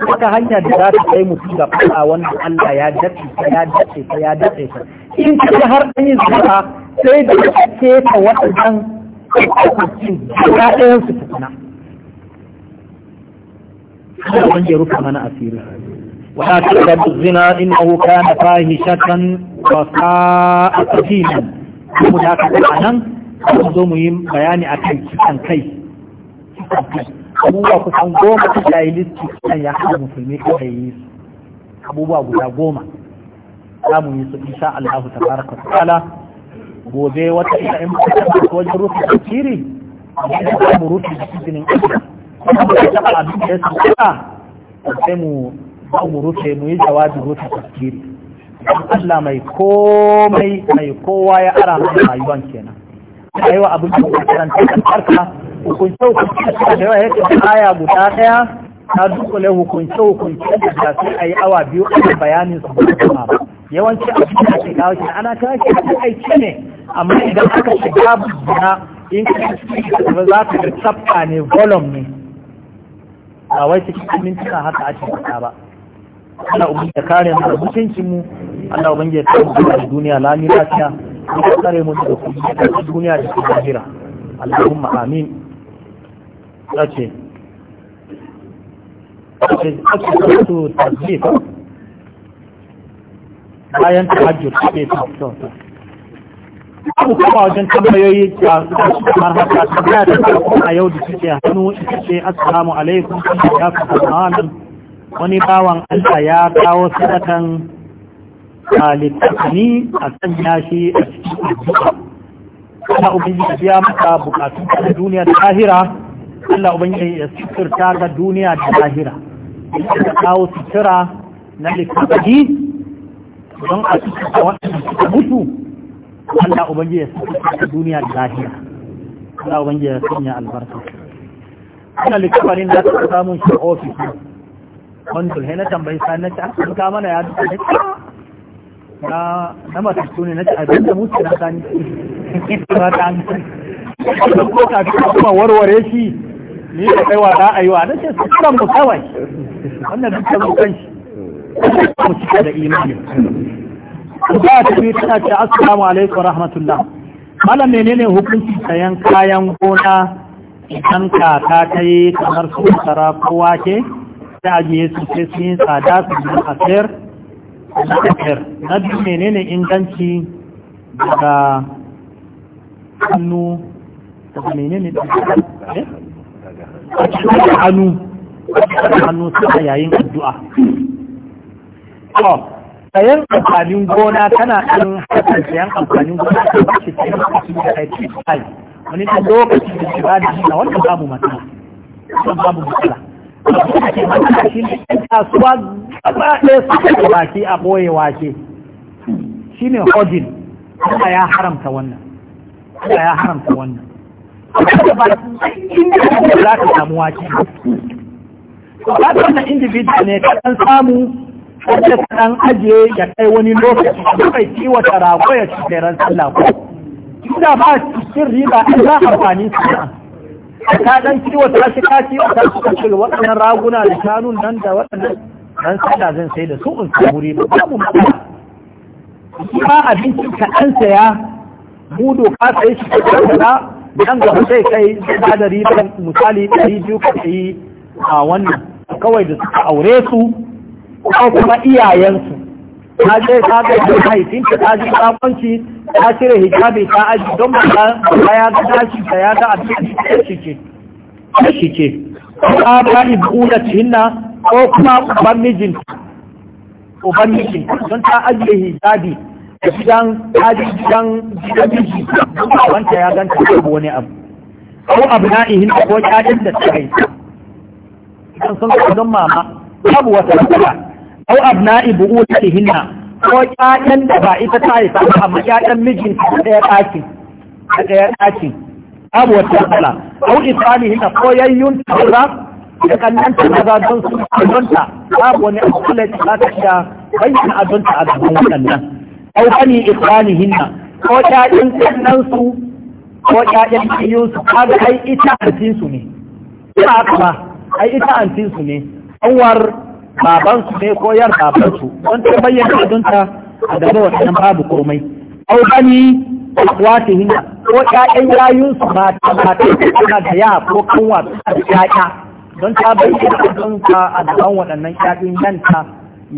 wata hanya da za ta kai mutum da fada wanda Allah ya dace ta ya dace ta ya dace ta in ka har an yi zuwa sai da ke ta waɗannan kwakwakin ya ɗayan su tukuna kada ya rufe mana asiri wata ta da zina in innahu kana fahishatan wa sa'a sabila kuma da ka nan zo mu yi bayani a kai cikin kai abubuwa kusan goma ta yayi listi kan ya hana musulmi kada yi abubuwa guda goma za mu yi su insha Allah ta baraka ta'ala gobe wata ita in ba ta wajen rufe tafsiri da mu rufe izinin Allah kuma da ta abin da su ka sai mu za mu rufe mu yi jawabi rufe tafsiri Allah mai komai mai kowa ya ara mai rayuwan kenan aiwa abin da karanta karka hukunce-hukunce da yawa yake aya guda daya ta dukkanin hukunce-hukunce da tafi a yi awa biyu a bayanin su ba ba yawanci a cikin ake kawo shi ana kawo shi a aiki ne amma idan aka shiga bana in ka shi ba za ka ga tsafta ne volum ne a wai cikin mintuna haka a cikin ba Allah ubangi ya kare mu da mutuncin mu Allah ubangi ya kare mu da duniya lami lafiya ya kare mu da duniya da lahira Allahumma amin أوكي أوكي أوكي تسبيح bayan tahajjud suke sauta abu wajen tambayoyi a kamar haka tambaya da farko a yau da suke hannu ita ce assalamu alaikum ya fi zamanin wani bawan Allah ya kawo sadakan halittakani a kan yashi a cikin addu'a ana ubangiji biya maka bukatun duniya da lahira Allah ubangiji ya suturta ga duniya da lahira ya kawo sutura na likabadi don a sutura waɗanda suka mutu Allah ubangiji ya suturta ga duniya da lahira Allah ubangiji ya sanya albarka ana likabarin da aka samun shi a ofis wanda na tambayi sa na ci an kamta mana ya duka da na na matattu ne na ci abin da mutu na sani ba ta an ko kafin kuma warware shi ni da kai wa za a yi wa ce su mu kawai wannan duk da kan shi mu cika da imani ba ta yi ta ce assalamu alaikum rahmatullah malam menene hukunci sayan kayan gona idan ka ta yi kamar su tara ko wake da ajiye su ce sun yi tsada su yi asir na na biyu menene inganci daga hannu daga menene daga eh? a cikin da hannu a yayin addu'a to sayan amfanin gona tana ɗan hakan sayan amfanin gona ta ba shi sayan kashi da aiki kai wani ta lokaci da shiga da shi na wannan babu matsala wannan babu matsala abin da ke matsala shi ne ɗan kasuwa gaba ɗaya suka da wake a ɓoye wake shi ne hodin Allah ya haramta wannan Allah ya haramta wannan za ka samu waki. ba ta wannan individual ne ka ɗan samu wanda ka ɗan ajiye ya kai wani lokaci da bai kiwata rago ya ci tseren sallah ko inda ba cikin riba an za a amfani sana'a ka ɗan kiwata shi ka kiwata su ka shiga waɗannan raguna da shanun nan da waɗannan nan sallah zan sai da su in samu riba ba. matsala ba abinci ka ɗan saya mudo ka sai shi ka ɗan dan gaba sai kai ba da riba misali ɗari biyu ka yi a wannan kawai da suka aure su ko kuma iyayensu ta je ta ga mahaifinta ta ji kwanci ta cire hijabi ta aji don ba ta ya ga tashi ta ya ga abin da shike shike ta ba buɗa cinna ko kuma uban mijin, uban mijin don ta ajiye hijabi gidan kaji gidan gidan miji wanda ya ganta ko wani abu ko abna'ihin ko ƴaƴan da suka haifa idan sun ka don mama babu wata matsala ko abna'i bu'utatihinna ko ƴaƴan da ba ita ta yi ba amma ƴaƴan mijinta ta ɗaya ɗakin a ɗaya ɗakin babu wata matsala au isanihin hinna ko yayyun taura da ta maza don su donta babu wani abu kula ta ta bayyana adonta a gaban waɗannan au bani ikhwanihinna ko ƴaƴan kannan su ko ƴaƴan kiyun su kaga ai ita antin su ne ina ba ai ita antin su ne anwar baban su ne ko yar baban su don ta bayyana adunta a gaba wannan babu komai au bani ikhwatihinna ko ƴaƴan yayun su ba ta suna da ya ko kanwa da ƴaƴa don ta bayyana adunta a gaban waɗannan ƴaƴan yanta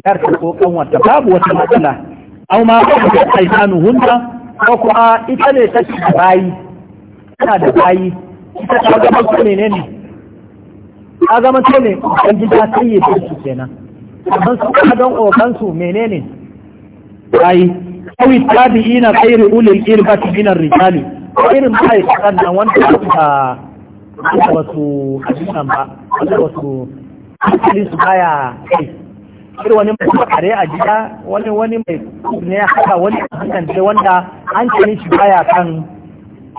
ta ko kanwanta babu wata matsala au ma hunna ko kuma ita ne ta bayi tana da bayi ita ta ba ko ne ne ka gaban su ne dan gida sai ya su kenan dan su ka don okan su menene bayi aw tabi'ina khairu ulil irbati min ar-rijali irin bai kan nan wanda ta wasu hadisan ba su baya kai sai wani mai kare a gida wani wani mai ne haka wani hankance wanda hankalin shi baya kan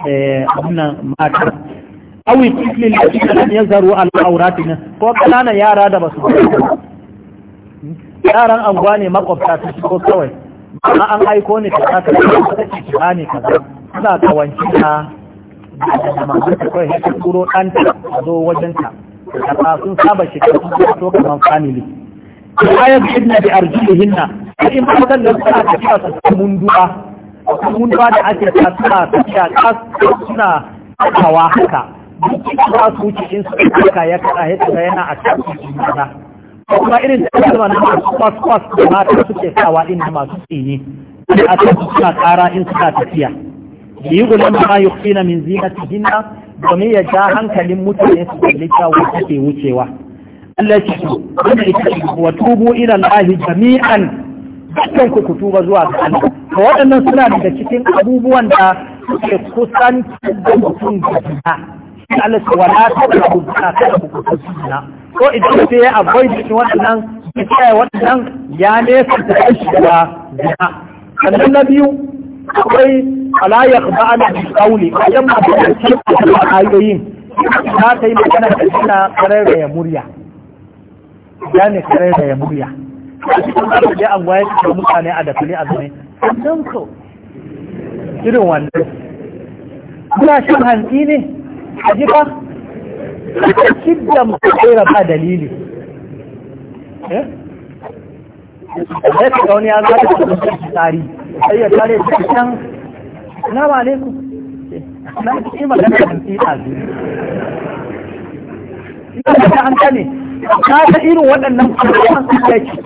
eh, wannan mata awi tiflin da shi nan ya zaro nan. ko kanana yara da basu yaran anguwa ne makwabta su ko kawai ma an aiko ne ta ta ta ta ne kaza suna kawanci na da masu ta kawai ɗanta a zo wajenta ta sun saba shekaru to kamar family la yabhidna bi arjulihinna in ba kan da suna tafiya su mun duwa mun duwa da ake ta suna tafiya ta suna kawa haka ba su wuce in su haka ya kada ya tsaya yana a cikin maza kuma irin da kalma na masu kwas kwas da mata suke sawa din masu tsini da a ta suna kara in suna tafiya yi gulan ma yukhina min zinatihinna domin ya ja hankalin mutane su kalli ta wuce wucewa Allah ce wanda ita ce wa tubu ila Allah jami'an dukkan ku tuba zuwa ga Allah to waɗannan suna daga cikin abubuwan da suke kusan da mutum da ta Allah ce wala ta da ku ta ku kusa ko idan ce ya avoid waɗannan ya tsaya waɗannan ya nesa kai shi da zina sannan na biyu akwai alayyar ba'ana da kauli wajen masu da cikin ayoyin ta ta yi magana da suna karar da ya murya ya ne kare da ya murya a cikin an mutane a a zane ko irin wannan kuna shan hanzi ne a ji ba a cidda mutane ba dalili eh ya ga wani ya tsari sai ya tare eh, na cikin magana a ina da ta hankali? ka ta irin waɗannan kuma suke ci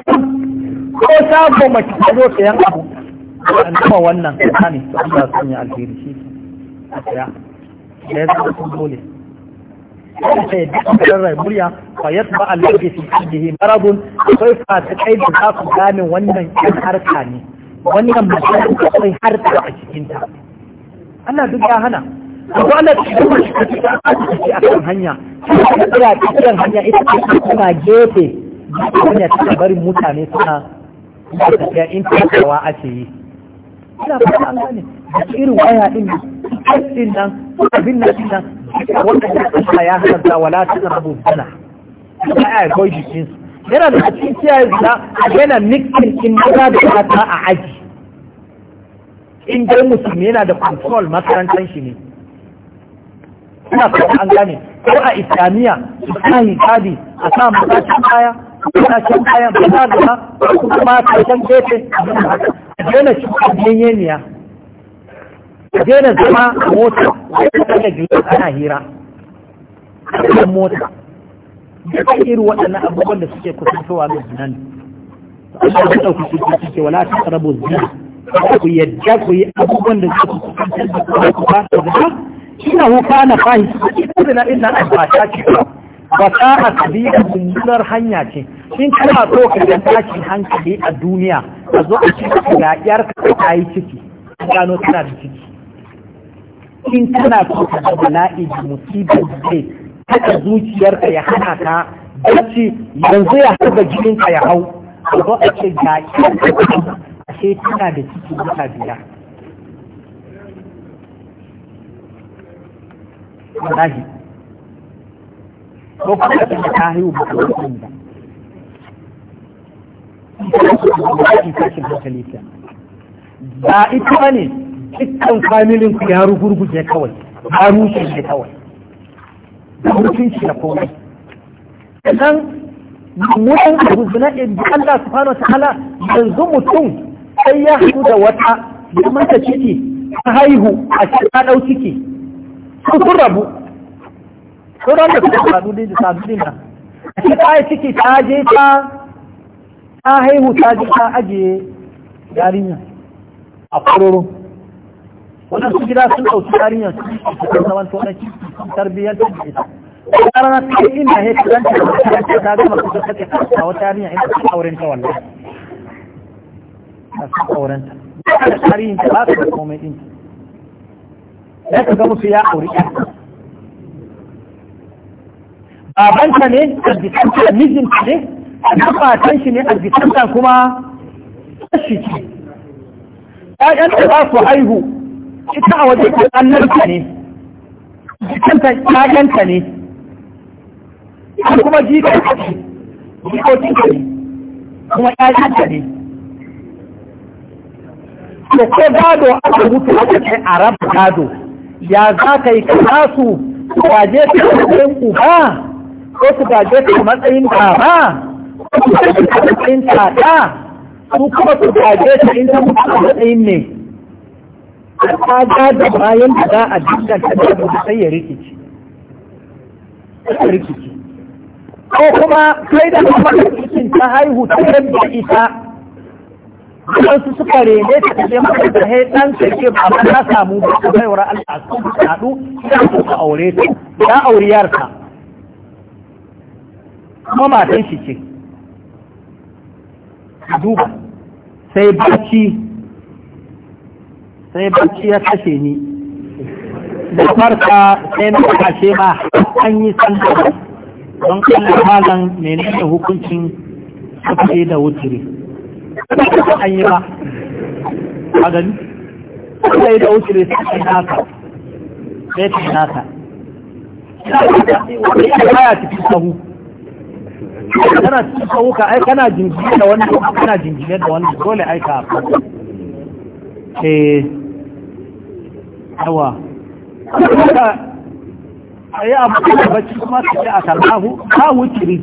ko ba mace ta zo sayan abu an kuma wannan ka ne to Allah sun yi alheri shi a tsaya da ya zama sun dole ta yi duk da rai murya ba ya ba taba alladhi fi qalbihi maradun sai fa ta kai da za su gane wannan yan harka ne wannan mutum akwai harka a cikin ta Allah duk ya hana akwai Allah da idan mace ta fita a ciki a kan hanya shi tsira ta kan hanya ita ce tana gefe hanya ta barin mutane suna da tafiya in tafiyawa ake yi ina fata an gane da irin waya din din nan abin nan din nan wanda ya tsaya ya hanta wala ta rabu sana ba ai koyi jikin yana da cikin kiyaye zina yana mixin in maza da mata a aji in dai musulmi yana da control makarantar shi ne ina ko an gane ko a islamiya su sa hijabi a sa matashin baya matashin baya ba za da ba kuma matashin gefe a daina cikin yanyeniya a daina zama a mota da juna ana hira a mota da irin waɗannan abubuwan da suke kusantowa ga jinan Allah ya ɗauki su ce wala ta karabu zina ku yadda ku yi abubuwan da suke kusantar da kuma ku ba ta zama kina wuka na fahimci kuma na ina a fata ki ba ta a kabila hanya ce in kana so ka ga tashin hankali a duniya a zo a ci ga yar ka yi ciki gano tana da ciki in kana so ka ga bala'i da da zai zuciyar zuciyarka ya hana ka dace yanzu ya jikin ka ya hau a zo a ce ga yar ka ce tana da ciki wata biyar wallahi ko kuma da ta haihu ba ta san ba ba ita ba ne cikin kamilin ku ya rugurgu je kawai ba rushe je kawai da mutunci da komai sannan mummunan abu zina in Allah subhanahu wa ta'ala yanzu mutum sai ya haɗu da wata ya mata ciki ta haihu a cikin ta ɗau ciki sun rabu sun rabu da ta sadu da a cikin ta ciki ta je ta ta haihu ta je ta ajiye yarinya a kororo wannan su gida sun ɗauki yarinya su su kan zaman to ciki sun tarbiyyar da ita ta rana ta yi ina ya ci zanta da ta ta gama su ta a wata yarinya ina ta auren ta wannan ta auren ta ba ta tarihin ta ba ta komai ya ka ga musu ya auri ya babanta ne aljisanta mijinta ne a matan shi ne aljisanta kuma shi ce ƴaƴan da za su haihu ita a waje ta annarta ne jikanta ƴaƴanta ne kuma jikanta ne jikokinta ne kuma ƴaƴanta ne ko ko gado aka mutu a cikin a raba gado ya za ka yi kasa su waje ka matsayin uba ko su gaje matsayin baba ko su gaje ka matsayin tata su kuma su gaje ka in ta mutu matsayin ne ta da bayan da za a ta da abu sai ya rikici ko kuma kai da kuma cikin ta haihu ta yadda ita wasu suka rene ta kaje mata da hai ɗan sarki ba amma ta samu da wura Allah a haɗu ya ta ka aure ta ya auriyar ka kuma matan shi ce duba sai bacci sai bacci ya kashe ni da farka sai na kashe ma an yi sanda don kallon halan menene hukuncin kafe da wuturi an yi ba a gani da wuce da naka ta naka ya da wani kana jingine da wani a eh. yi abu da bacci ce a wuce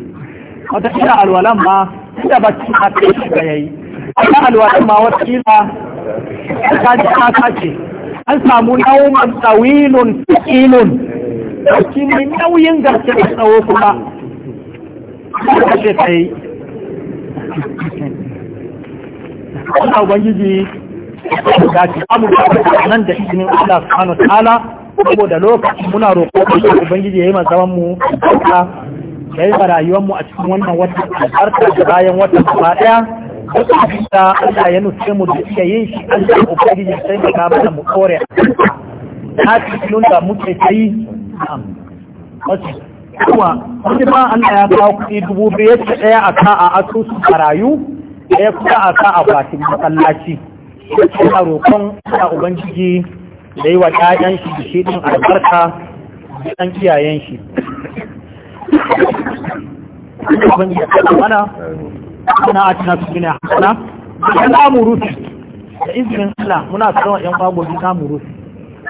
wata ina alwalan ma inda bacci a kai shi ga yayi ana alwaɗin ma wata kila ta ji kasa ce an samu nauman tsawilun tsakilun ɗauki mai nauyin gaske da tsawo kuma ta ce ta yi Allah Ubangiji da ci samu da nan da izinin Allah subhanahu ta'ala saboda lokaci muna roƙo da Ubangiji ya yi zaman mu da ya yi rayuwar mu a cikin wannan watan albarka da bayan wata gaba daya duk abin da Allah ya nufi mu da iya yin shi Allah ya ubangiji sai mu ka mana mu kore ta cikin da muke sai wasu kuma wani ba Allah ya kawo kuɗi dubu biyu ta ɗaya a ka a asusu marayu ɗaya kuma a ka a bakin masallaci sai ina roƙon Allah ubangiji da yi wa ɗayan shi da shi ɗin albarka da ɗan iyayen shi. Ubangiji ya mana suna a cina suna ya hana da samun rufi da izinin suna muna tsawon yan kwago su samun rufi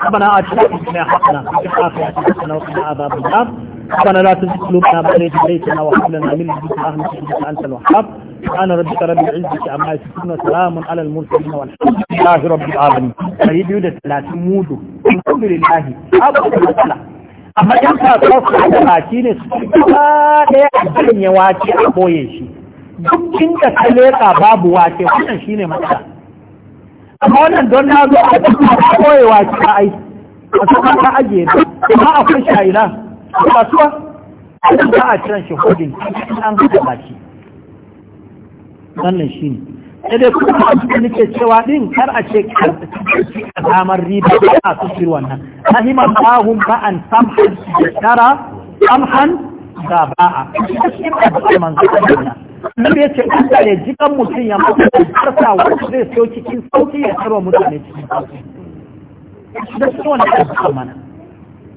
abana a cina suna ya hana da suka fi yaki da suna wakana a babu ya abana za su su kulo na bane da zai tana wa hulun na milu duka ahun su duka an talwa hab ana rabu ka rabu izi amma su suna alal mulki na wal hajji rabbi alamin sai biyu da talatin mudu alhamdulillahi abu da amma yan kasuwa su da baki ne su ta ɗaya a jirin ya wace a ɓoye shi duk inda ka leka babu wake wannan shine matsala amma wannan don na zo a cikin koye wake a aiki a cikin ta ajiye da amma akwai shayina a kasuwa idan ba a kiran shi hodin an haɗa baki wannan shine sai dai kuma a cikin nake cewa din kar a ce a samar riba ba a kusur wannan rahimar bahun ba'an samhan da tara samhan da ba'a cikin da manzo Allah Nabi ya ce Allah ya ji kan mutum ya da karsa wanda zai so cikin sauki ya tarwa mutane cikin sauki da su wani ya ji mana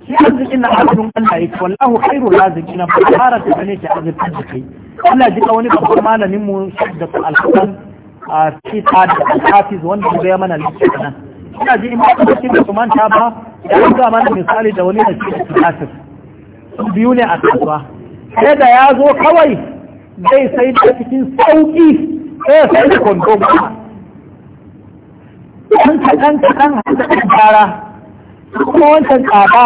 shi arziki na arzikin Allah ya ce wallahu khairu raziki na fara ta gane ta arzikin da kai Allah ji wani babban malamin mu da alquran a fita da hafiz wanda ya mana da nan ina ji imamu da cikin su manta ba ya ga mana misali da wani da shi da biyu ne a kasuwa sai da ya zo kawai zai sai da cikin sauki sai sai da kwando ba an kaɗan kaɗan haɗa kara kuma wancan tsada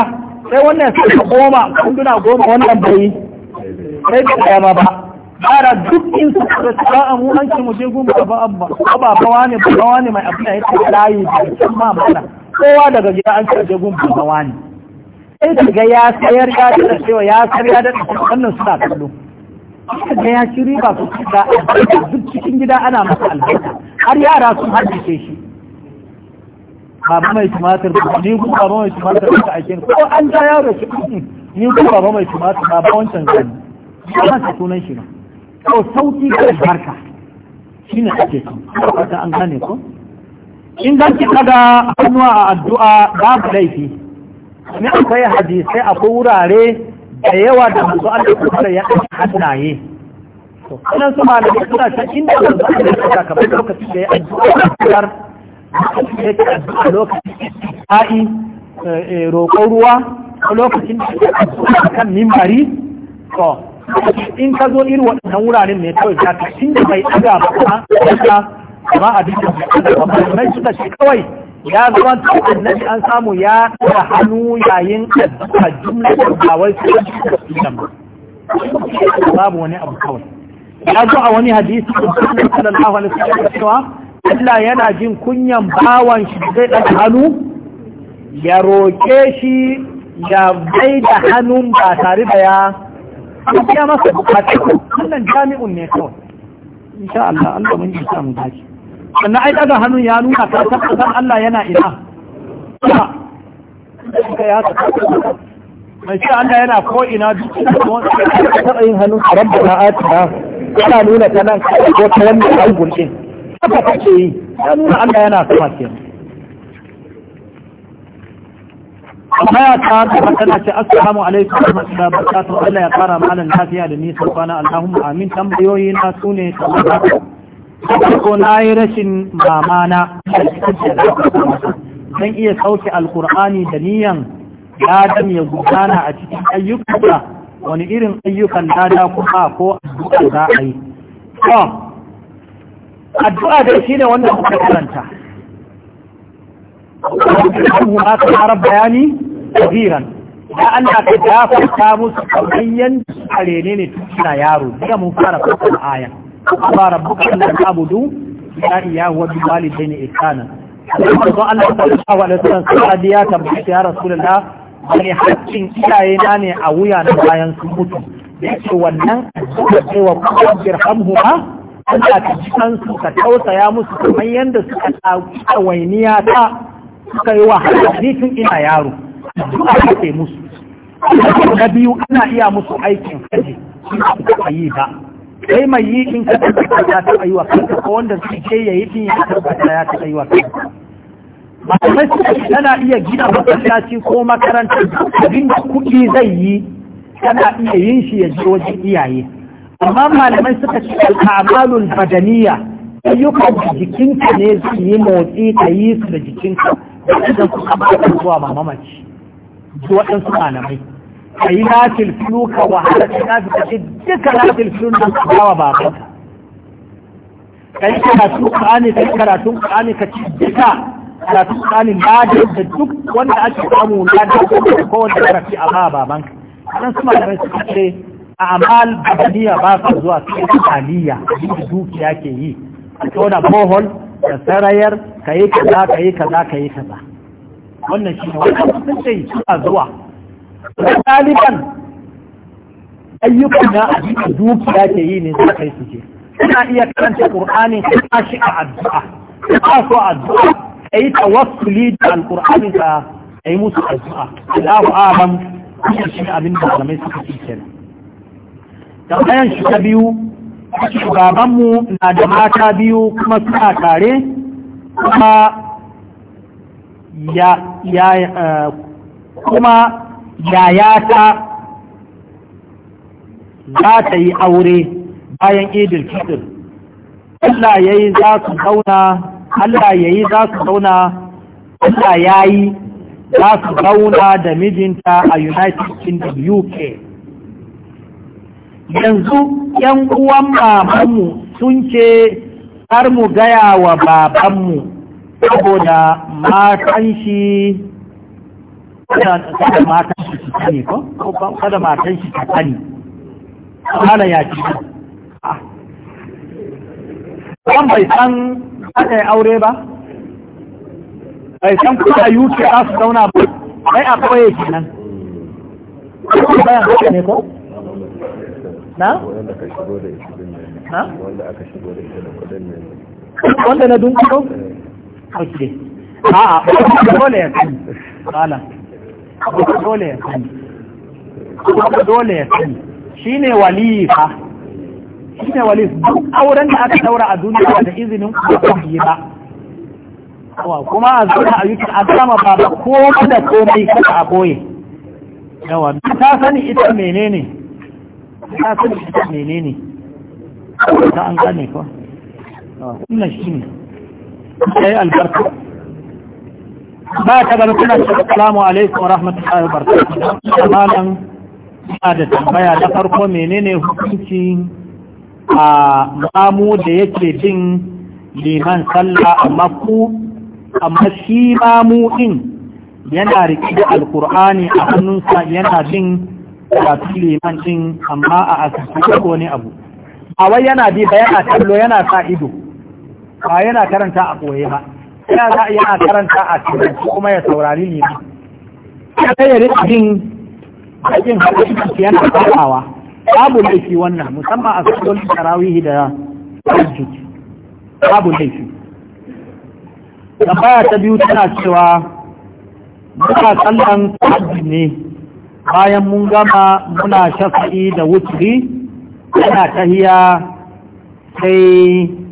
sai wannan sai da goma kunduna goma wannan bai sai da kayama ba bara duk in su da tsara a mu an ce mu je gumba ba abba ba bawa ne ba ne mai abin da ya ta layi da can ma mana kowa daga gida an ce je gumba ba wani sai ka ga ya sayar ya da cewa ya sayar ya da wannan suna kallo aka ga ya ci riba su da duk cikin gida ana masa albarka har yara sun haddace shi baba mai tumatir ni ku baba mai tumatir a ake ko an ga yaro shi ni ku baba mai tumatir baba wancan zan ba su sunan shi ba to sauki ga barka shine ake so fata an gane ko in dan ki kada hannuwa a addu'a babu laifi ne akwai hadisai akwai wurare da yawa da masu Allah ya kusa ya ɗauki hannaye to sunan su malamai suna ta inda manzo Allah ya suka kamar lokacin da ya addu'a ya ke addu'a lokacin ai eh, eh, roƙon ruwa a lokacin da ya addu'a kan mimbari in ka zo irin waɗannan wuraren mai kawai za ka inda mai ɗaga ba ka ba abin da ba mai suka ce kawai ya zama annabi an samu ya da hannu yayin addu'a jumla da wai su babu wani abu kawai ya zo a wani hadisi da sunan sallallahu alaihi wasallam cewa Allah yana jin kunyan bawan shi zai ɗan hannu ya roƙe shi ya bai da hannun ba tare da ya ya masa bukatu wannan jami'un ne kawai insha Allah Allah mun ji samu dace sannan ai daga hannun ya nuna ka tabbatar Allah yana ina ka ya mai ce Allah yana ko ina duk da taɓa yin hannun a rabba na atina yana nuna ta nan ko ta wannan algun din haka take yi ya nuna Allah yana sama ke amma ya ta ta tana ce assalamu alaikum wa rahmatullahi wa barakatuh Allah ya kara malan lafiya da nisan kwana Allahumma amin tambayoyi na sune kamar haka ko na yi rashin mamana zan iya sauke alkur'ani da niyan adam ya gudana a cikin ayyukansa wani irin ayyukan dada kuma ko addu'a za a yi addu'a dai shine wanda kuka karanta kuma ka fara bayani kabiran Da Allah ka dafa ta musu kamar yanda suka ne tun yaro jiya mun fara fara ayan ba rabbuka an ta'budu illa iyyahu wa bil walidayni ihsana manzo Allah sallallahu alaihi wasallam Sadiya ya tabbata ya rasulullah bane haƙƙin iyaye na ne a wuya na bayan sun mutu yake wannan sai wa kubbir hamhuma Allah ta ji su ka tausaya musu kamar yadda suka tsawainiya ta suka yi wa hadisin ina yaro duka kake musu na biyu ana iya musu aikin haji suna suka yi ba kai mai yi in ka tabbata ya taɓa yi wa kanka ko wanda suke ya yi in ya tabbata ya taɓa yi wa kanka malamai suka tana iya gina masallaci ko makaranta, abin da kuɗi zai yi tana iya yin shi ya je wajen iyaye amma malamai suka ce al'amalul badaniya ayyukan da jikinka ne zai yi motsi ka yi su da jikinka da suka ba zuwa mamamaci waɗansu malamai Ka yi nafil filu ka wahala ka nafi ka ce duka nafil filu nan ka bawa baban kai karatu ka yi karatun ƙani ka ci duka karatun ƙani na da duk wanda ake samu na da ko wanda karafi a ba baban ka nan su malamai suka ce a amal badaniya ba ka zuwa cikin aliyya da dukiya ke yi a tona bohol da sarayar ka yi kaza ka yi kaza ka yi kaza wannan shi ne wannan sun ce a zuwa ɗaliban ayyukan na a dukiya ke yi ne za kai yi suke, suna iya karanta qur'ani ka tashi a addu'a ka so addu'a a kai tawassuli da alqur'ani ka yi musu addu'a Allahu a'lam kuma shi abin da malamai suka ci kenan da bayan shi ta biyu shugabanmu na da mata biyu kuma suna tare kuma ya eh, kuma yayata za ta yi aure bayan idil kitir Allah ya yi za su zauna Allah ya yi za su zauna Allah ya yi za su zauna da mijinta a United Kingdom UK yanzu ‘yan uwan mamanmu sun ce har mu gaya wa babanmu saboda matan shi kada matan shi su sani ko kada matan shi ta sani ya ci ah. bai san aka yi aure ba bai san kuma yi wuce za su zauna ba bai a kawai nan kuma bayan haka ne ko na? wanda aka shigo da ita da kudin ne wanda na ok a'a wanda ya sani kala abu dole ya sani abu dole ya sani shi ne walifa shi ne duk auren da aka daura a duniya da izinin kuma yi ba kuma a zuwa a yukin a sama ba da komai da komai kasa a boye yawa ta sani ita menene ta sani ita menene ta an gane ko wannan shi ne sai albarka ba ta gaba kuna da assalamu alaikum wa rahmatullahi wa barakatuh malam ina da tambaya na farko menene hukunci a mu'amu da yake bin liman sallah amma ku amma shi mamu din yana riki da alkur'ani a hannunsa yana bin karatu liman din amma a asibiti ko ne abu a wai yana bi bayan a kallo yana sa ido ba yana karanta a koye ba ya za a yi a karanta a cikin kuma ya saurari ne ba ya kai ya rika jin bakin hadisi yana farawa babu laifi wannan musamman a sallolin tarawihi da tahajjud babu laifi tambaya ta biyu tana cewa muna sallan tahajjud ne bayan mun gama muna shafi da wuturi, yana tahiya sai